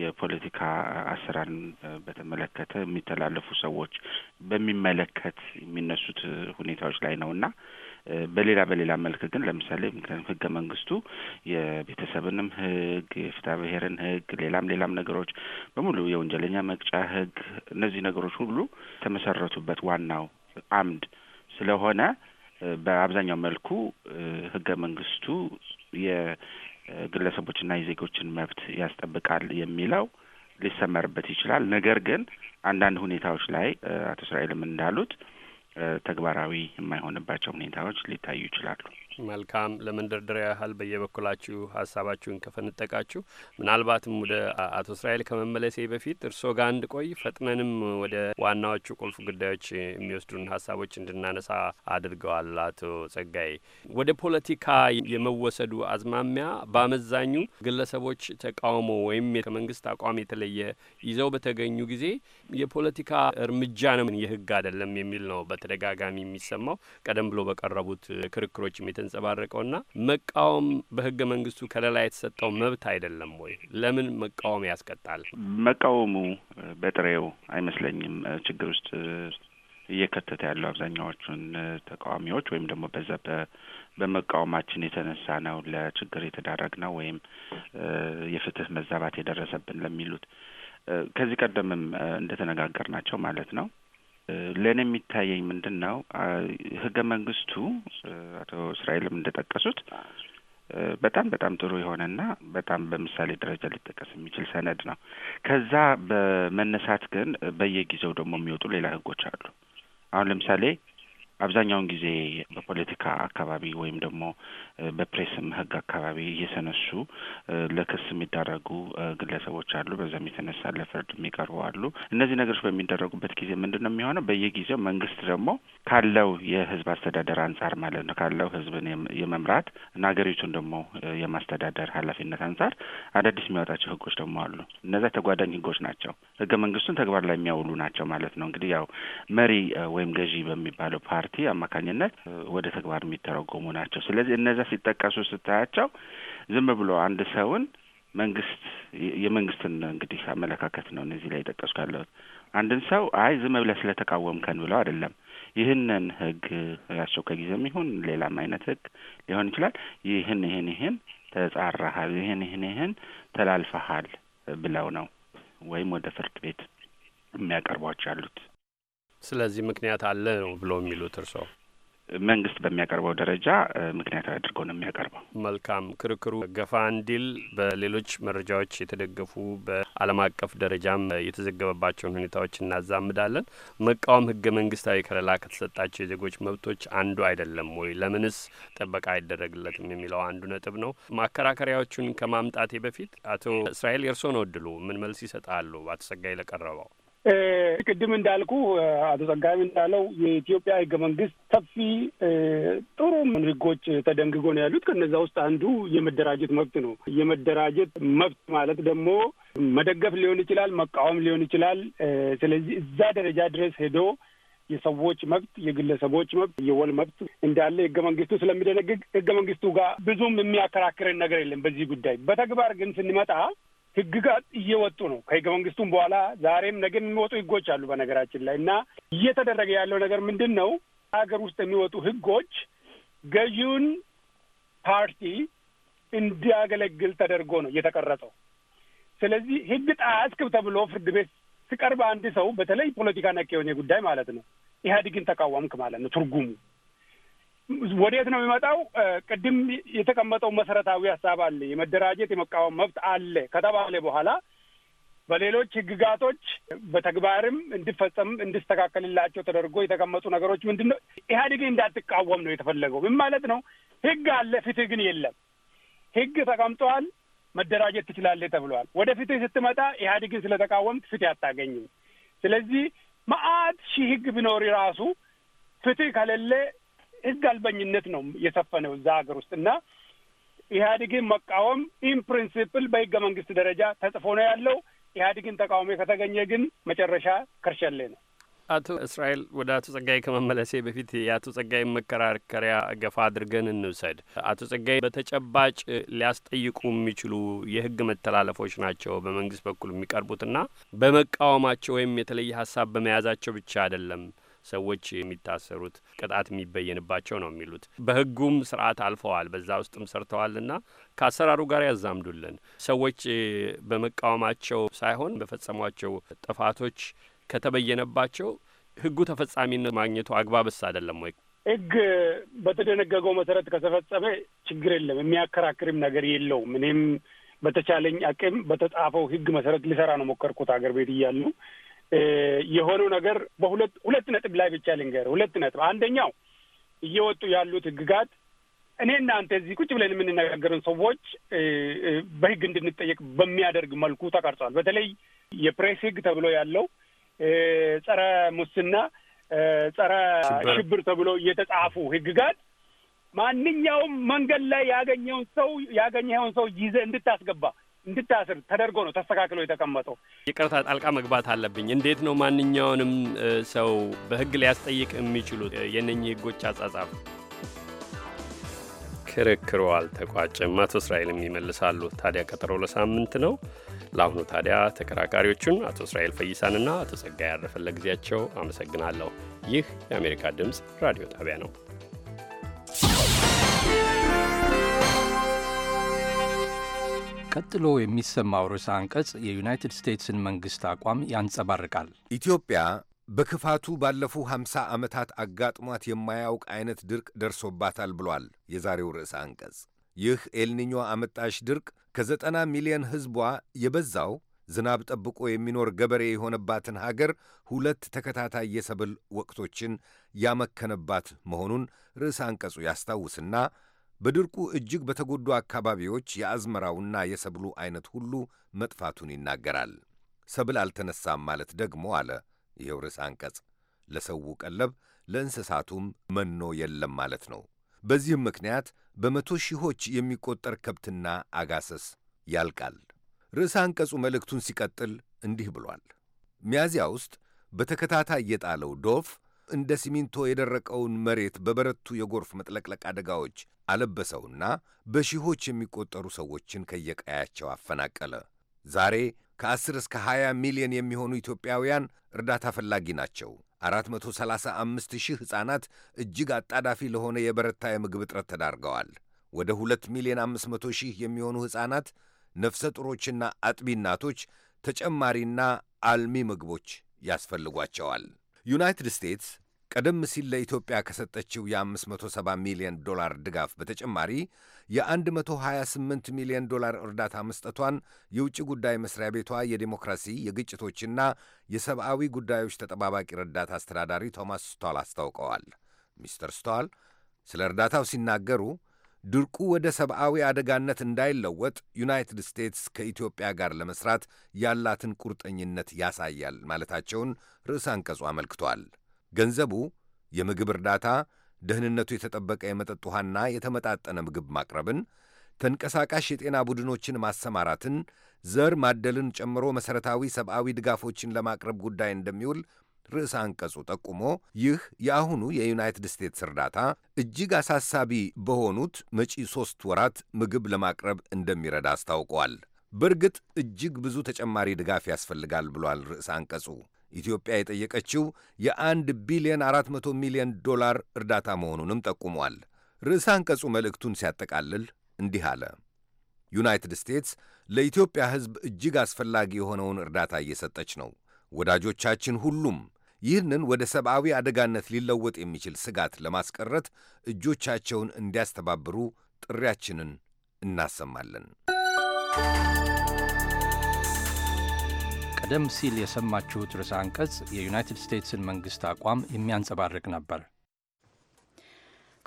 የፖለቲካ አሰራርን በተመለከተ የሚተላለፉ ሰዎች በሚመለከት የሚነሱት ሁኔታዎች ላይ ነው እና በሌላ በሌላ መልክ ግን ለምሳሌ ምክንያቱም ህገ መንግስቱ የቤተሰብንም ህግ፣ የፍትሐ ብሔርን ህግ፣ ሌላም ሌላም ነገሮች በሙሉ የወንጀለኛ መቅጫ ህግ እነዚህ ነገሮች ሁሉ የተመሰረቱበት ዋናው አምድ ስለሆነ በአብዛኛው መልኩ ህገ መንግስቱ የግለሰቦችና የዜጎችን መብት ያስጠብቃል የሚለው ሊሰመርበት ይችላል። ነገር ግን አንዳንድ ሁኔታዎች ላይ አቶ እስራኤልም እንዳሉት ተግባራዊ የማይሆንባቸው ሁኔታዎች ሊታዩ ይችላሉ። መልካም ለመንደርደሪያ ያህል በየበኩላችሁ ሀሳባችሁን ከፈንጠቃችሁ ምናልባትም ወደ አቶ እስራኤል ከመመለሴ በፊት እርስዎ ጋር እንድቆይ ቆይ ፈጥነንም ወደ ዋናዎቹ ቁልፍ ጉዳዮች የሚወስዱን ሀሳቦች እንድናነሳ አድርገዋል። አቶ ጸጋዬ ወደ ፖለቲካ የመወሰዱ አዝማሚያ በአመዛኙ ግለሰቦች ተቃውሞ ወይም ከመንግስት አቋም የተለየ ይዘው በተገኙ ጊዜ የፖለቲካ እርምጃ ነው፣ የህግ አይደለም የሚል ነው በተደጋጋሚ የሚሰማው ቀደም ብሎ በቀረቡት ክርክሮችም የተ የተንጸባረቀውና መቃወም በህገ መንግስቱ ከለላ የተሰጠው መብት አይደለም ወይ? ለምን መቃወም ያስቀጣል? መቃወሙ በጥሬው አይመስለኝም ችግር ውስጥ እየከተተ ያለው አብዛኛዎቹን ተቃዋሚዎች ወይም ደግሞ በዛ በመቃወማችን የተነሳ ነው ለችግር የተዳረግ ነው ወይም የፍትህ መዛባት የደረሰብን ለሚሉት ከዚህ ቀደምም እንደተነጋገር ናቸው ማለት ነው ለእኔ የሚታየኝ ምንድን ነው ህገ መንግስቱ አቶ እስራኤልም እንደጠቀሱት በጣም በጣም ጥሩ የሆነና በጣም በምሳሌ ደረጃ ሊጠቀስ የሚችል ሰነድ ነው። ከዛ በመነሳት ግን በየጊዜው ደግሞ የሚወጡ ሌላ ህጎች አሉ። አሁን ለምሳሌ አብዛኛውን ጊዜ በፖለቲካ አካባቢ ወይም ደግሞ በፕሬስም ህግ አካባቢ እየተነሱ ለክስ የሚዳረጉ ግለሰቦች አሉ። በዛም የተነሳ ለፍርድ የሚቀርቡ አሉ። እነዚህ ነገሮች በሚደረጉበት ጊዜ ምንድን ነው የሚሆነው? በየጊዜው መንግስት ደግሞ ካለው የህዝብ አስተዳደር አንጻር ማለት ነው ካለው ህዝብን የመምራት እና ሀገሪቱን ደግሞ የማስተዳደር ኃላፊነት አንጻር አዳዲስ የሚያወጣቸው ህጎች ደግሞ አሉ። እነዛ ተጓዳኝ ህጎች ናቸው። ህገ መንግስቱን ተግባር ላይ የሚያውሉ ናቸው ማለት ነው። እንግዲህ ያው መሪ ወይም ገዢ በሚባለው ፓርቲ ፓርቲ አማካኝነት ወደ ተግባር የሚተረጎሙ ናቸው። ስለዚህ እነዚያ ሲጠቀሱ ስታያቸው ዝም ብሎ አንድ ሰውን መንግስት የመንግስትን እንግዲህ አመለካከት ነው እነዚህ ላይ የጠቀሱ ያለሁት አንድን ሰው አይ ዝም ብለህ ስለተቃወምከን ብለው አይደለም። ይህንን ህግ አስቸኳይ ጊዜም ይሁን ሌላም አይነት ህግ ሊሆን ይችላል። ይህን ይህን ይህን ተጻረሃል፣ ይህን ይህን ይህን ተላልፈሃል ብለው ነው ወይም ወደ ፍርድ ቤት የሚያቀርቧቸው ያሉት ስለዚህ ምክንያት አለ ነው ብሎ የሚሉት እርስዎ? መንግስት በሚያቀርበው ደረጃ ምክንያት አድርጎ ነው የሚያቀርበው። መልካም ክርክሩ ገፋ እንዲል በሌሎች መረጃዎች የተደገፉ በዓለም አቀፍ ደረጃም የተዘገበባቸውን ሁኔታዎች እናዛምዳለን። መቃወም ህገ መንግስታዊ ከለላ ከተሰጣቸው የዜጎች መብቶች አንዱ አይደለም ወይ? ለምንስ ጥበቃ አይደረግለትም? የሚለው አንዱ ነጥብ ነው። ማከራከሪያዎቹን ከማምጣቴ በፊት አቶ እስራኤል የእርስዎ ነው እድሉ። ምን መልስ ይሰጣሉ? በአቶ ጸጋይ ለቀረበው ቅድም እንዳልኩ አቶ ጸጋሚ እንዳለው የኢትዮጵያ ህገ መንግስት ሰፊ ጥሩ ህጎች ተደንግጎ ነው ያሉት። ከነዛ ውስጥ አንዱ የመደራጀት መብት ነው። የመደራጀት መብት ማለት ደግሞ መደገፍ ሊሆን ይችላል፣ መቃወም ሊሆን ይችላል። ስለዚህ እዛ ደረጃ ድረስ ሄዶ የሰዎች መብት፣ የግለሰቦች መብት፣ የወል መብት እንዳለ ህገ መንግስቱ ስለሚደነግግ ህገ መንግስቱ ጋር ብዙም የሚያከራክርን ነገር የለም በዚህ ጉዳይ። በተግባር ግን ስንመጣ ህግጋት እየወጡ ነው። ከህገ መንግስቱም በኋላ ዛሬም ነገ የሚወጡ ህጎች አሉ። በነገራችን ላይ እና እየተደረገ ያለው ነገር ምንድን ነው? ሀገር ውስጥ የሚወጡ ህጎች ገዢውን ፓርቲ እንዲያገለግል ተደርጎ ነው እየተቀረጸው። ስለዚህ ህግ ጣስክ ተብሎ ፍርድ ቤት ስቀርብ አንድ ሰው በተለይ ፖለቲካ ነክ የሆነ ጉዳይ ማለት ነው ኢህአዴግን ተቃወምክ ማለት ነው ትርጉሙ ወዴት ነው የሚመጣው? ቅድም የተቀመጠው መሰረታዊ ሀሳብ አለ። የመደራጀት የመቃወም መብት አለ ከተባለ በኋላ በሌሎች ህግጋቶች በተግባርም እንዲፈጸም እንዲስተካከልላቸው ተደርጎ የተቀመጡ ነገሮች ምንድን ነው? ኢህአዴግን እንዳትቃወም ነው የተፈለገው። ምን ማለት ነው? ህግ አለ፣ ፍትህ ግን የለም። ህግ ተቀምጠዋል፣ መደራጀት ትችላለህ ተብለዋል። ወደ ፍትህ ስትመጣ ኢህአዴግን ስለተቃወምት ፍትህ አታገኝም። ስለዚህ መአት ሺህ ህግ ቢኖር ራሱ ፍትህ ከሌለ ህግ አልበኝነት ነው የሰፈነው እዛ ሀገር ውስጥ እና ኢህአዴግን መቃወም ኢን ፕሪንሲፕል በህገ መንግስት ደረጃ ተጽፎ ነው ያለው። ኢህአዴግን ተቃውሞ ከተገኘ ግን መጨረሻ ከርሸሌ ነው። አቶ እስራኤል ወደ አቶ ጸጋይ ከመመለሴ በፊት የአቶ ጸጋይ መከራከሪያ ገፋ አድርገን እንውሰድ። አቶ ጸጋይ በተጨባጭ ሊያስጠይቁ የሚችሉ የህግ መተላለፎች ናቸው በመንግስት በኩል የሚቀርቡትና በመቃወማቸው ወይም የተለየ ሀሳብ በመያዛቸው ብቻ አይደለም ሰዎች የሚታሰሩት ቅጣት የሚበየንባቸው ነው የሚሉት። በህጉም ስርዓት አልፈዋል፣ በዛ ውስጥም ሰርተዋልና ከአሰራሩ ጋር ያዛምዱልን። ሰዎች በመቃወማቸው ሳይሆን በፈጸሟቸው ጥፋቶች ከተበየነባቸው ህጉ ተፈጻሚነት ማግኘቱ አግባብስ አይደለም ወይ? ህግ በተደነገገው መሰረት ከተፈጸመ ችግር የለም፣ የሚያከራክርም ነገር የለውም። እኔም በተቻለኝ አቅም በተጻፈው ህግ መሰረት ሊሰራ ነው ሞከርኩት። አገር ቤት እያሉ የሆነው ነገር በሁለት ሁለት ነጥብ ላይ ብቻ ልንገር። ሁለት ነጥብ አንደኛው እየወጡ ያሉት ህግጋት እኔ እናንተ እዚህ ቁጭ ብለን የምንነጋገርን ሰዎች በህግ እንድንጠየቅ በሚያደርግ መልኩ ተቀርጿል። በተለይ የፕሬስ ህግ ተብሎ ያለው ጸረ ሙስና፣ ጸረ ሽብር ተብሎ የተጻፉ ህግጋት ማንኛውም መንገድ ላይ ያገኘውን ሰው ያገኘውን ሰው ይዘ እንድታስገባ እንድታስር ተደርጎ ነው ተስተካክሎ የተቀመጠው። ይቅርታ ጣልቃ መግባት አለብኝ። እንዴት ነው ማንኛውንም ሰው በህግ ሊያስጠይቅ የሚችሉት? የነኚህ ህጎች አጻጻፍ ክርክሩ አልተቋጨም። አቶ እስራኤልም ይመልሳሉ። ታዲያ ቀጠሮ ለሳምንት ነው። ለአሁኑ ታዲያ ተከራካሪዎቹን አቶ እስራኤል ፈይሳንና አቶ ጸጋ ያረፈለ ጊዜያቸው አመሰግናለሁ። ይህ የአሜሪካ ድምፅ ራዲዮ ጣቢያ ነው። ቀጥሎ የሚሰማው ርዕሰ አንቀጽ የዩናይትድ ስቴትስን መንግሥት አቋም ያንጸባርቃል። ኢትዮጵያ በክፋቱ ባለፉ ሃምሳ ዓመታት አጋጥሟት የማያውቅ አይነት ድርቅ ደርሶባታል ብሏል የዛሬው ርዕሰ አንቀጽ። ይህ ኤልኒኞ አመጣሽ ድርቅ ከዘጠና ሚሊዮን ሕዝቧ የበዛው ዝናብ ጠብቆ የሚኖር ገበሬ የሆነባትን ሀገር ሁለት ተከታታይ የሰብል ወቅቶችን ያመከነባት መሆኑን ርዕሰ አንቀጹ ያስታውስና በድርቁ እጅግ በተጎዱ አካባቢዎች የአዝመራውና የሰብሉ አይነት ሁሉ መጥፋቱን ይናገራል። ሰብል አልተነሳም ማለት ደግሞ አለ ይኸው ርዕሰ አንቀጽ ለሰው ቀለብ ለእንስሳቱም መኖ የለም ማለት ነው። በዚህም ምክንያት በመቶ ሺዎች የሚቆጠር ከብትና አጋሰስ ያልቃል። ርዕሰ አንቀጹ መልእክቱን ሲቀጥል እንዲህ ብሏል። ሚያዚያ ውስጥ በተከታታይ የጣለው ዶፍ እንደ ሲሚንቶ የደረቀውን መሬት በበረቱ የጎርፍ መጥለቅለቅ አደጋዎች አለበሰውና በሺዎች የሚቆጠሩ ሰዎችን ከየቀያቸው አፈናቀለ። ዛሬ ከ10 እስከ 20 ሚሊዮን የሚሆኑ ኢትዮጵያውያን እርዳታ ፈላጊ ናቸው። 435 ሺህ ሕፃናት እጅግ አጣዳፊ ለሆነ የበረታ የምግብ እጥረት ተዳርገዋል። ወደ 2 ሚሊዮን 500 ሺህ የሚሆኑ ሕፃናት፣ ነፍሰ ጡሮችና አጥቢ እናቶች ተጨማሪና አልሚ ምግቦች ያስፈልጓቸዋል። ዩናይትድ ስቴትስ ቀደም ሲል ለኢትዮጵያ ከሰጠችው የ570 ሚሊዮን ዶላር ድጋፍ በተጨማሪ የ128 ሚሊዮን ዶላር እርዳታ መስጠቷን የውጭ ጉዳይ መስሪያ ቤቷ የዲሞክራሲ የግጭቶችና የሰብአዊ ጉዳዮች ተጠባባቂ ረዳት አስተዳዳሪ ቶማስ ስቷል አስታውቀዋል። ሚስተር ስቷል ስለ እርዳታው ሲናገሩ ድርቁ ወደ ሰብአዊ አደጋነት እንዳይለወጥ ዩናይትድ ስቴትስ ከኢትዮጵያ ጋር ለመስራት ያላትን ቁርጠኝነት ያሳያል ማለታቸውን ርዕሰ አንቀጹ አመልክቷል። ገንዘቡ የምግብ እርዳታ፣ ደህንነቱ የተጠበቀ የመጠጥ ውሃና የተመጣጠነ ምግብ ማቅረብን፣ ተንቀሳቃሽ የጤና ቡድኖችን ማሰማራትን፣ ዘር ማደልን ጨምሮ መሠረታዊ ሰብአዊ ድጋፎችን ለማቅረብ ጉዳይ እንደሚውል ርዕሰ አንቀጹ ጠቁሞ ይህ የአሁኑ የዩናይትድ ስቴትስ እርዳታ እጅግ አሳሳቢ በሆኑት መጪ ሦስት ወራት ምግብ ለማቅረብ እንደሚረዳ አስታውቋል። በእርግጥ እጅግ ብዙ ተጨማሪ ድጋፍ ያስፈልጋል ብሏል ርዕሰ አንቀጹ። ኢትዮጵያ የጠየቀችው የአንድ ቢሊዮን 400 ሚሊዮን ዶላር እርዳታ መሆኑንም ጠቁሟል። ርዕሰ አንቀጹ መልእክቱን ሲያጠቃልል እንዲህ አለ። ዩናይትድ ስቴትስ ለኢትዮጵያ ሕዝብ እጅግ አስፈላጊ የሆነውን እርዳታ እየሰጠች ነው። ወዳጆቻችን ሁሉም ይህንን ወደ ሰብአዊ አደጋነት ሊለወጥ የሚችል ስጋት ለማስቀረት እጆቻቸውን እንዲያስተባብሩ ጥሪያችንን እናሰማለን። ቀደም ሲል የሰማችሁት ርዕሰ አንቀጽ የዩናይትድ ስቴትስን መንግስት አቋም የሚያንጸባርቅ ነበር።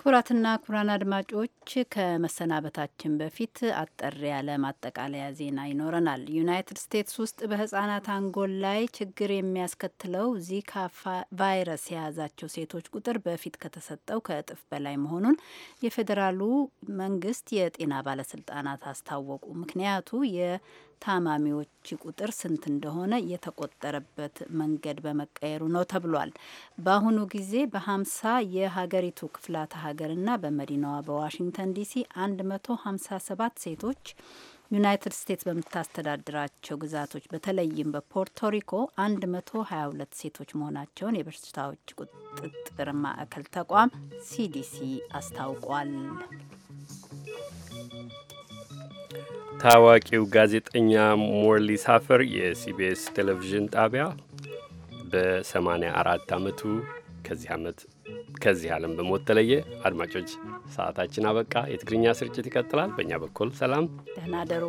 ክቡራትና ክቡራን አድማጮች ከመሰናበታችን በፊት አጠር ያለ ማጠቃለያ ዜና ይኖረናል። ዩናይትድ ስቴትስ ውስጥ በህጻናት አንጎል ላይ ችግር የሚያስከትለው ዚካ ቫይረስ የያዛቸው ሴቶች ቁጥር በፊት ከተሰጠው ከእጥፍ በላይ መሆኑን የፌዴራሉ መንግስት የጤና ባለስልጣናት አስታወቁ። ምክንያቱ ታማሚዎች ቁጥር ስንት እንደሆነ የተቆጠረበት መንገድ በመቀየሩ ነው ተብሏል። በአሁኑ ጊዜ በሀምሳ የሀገሪቱ ክፍላተ ሀገርና በመዲናዋ በዋሽንግተን ዲሲ መቶ ሰባት ሴቶች ዩናይትድ ስቴትስ በምታስተዳድራቸው ግዛቶች በተለይም በፖርቶሪኮ 122 ሴቶች መሆናቸውን የበሽታዎች ቁጥጥር ማዕከል ተቋም ሲዲሲ አስታውቋል። ታዋቂው ጋዜጠኛ ሞርሊ ሳፈር የሲቢኤስ ቴሌቪዥን ጣቢያ በ84 ዓመቱ ከዚህ ዓመት ከዚህ ዓለም በሞት ተለየ። አድማጮች ሰዓታችን አበቃ። የትግርኛ ስርጭት ይቀጥላል። በእኛ በኩል ሰላም፣ ደህና ደሩ።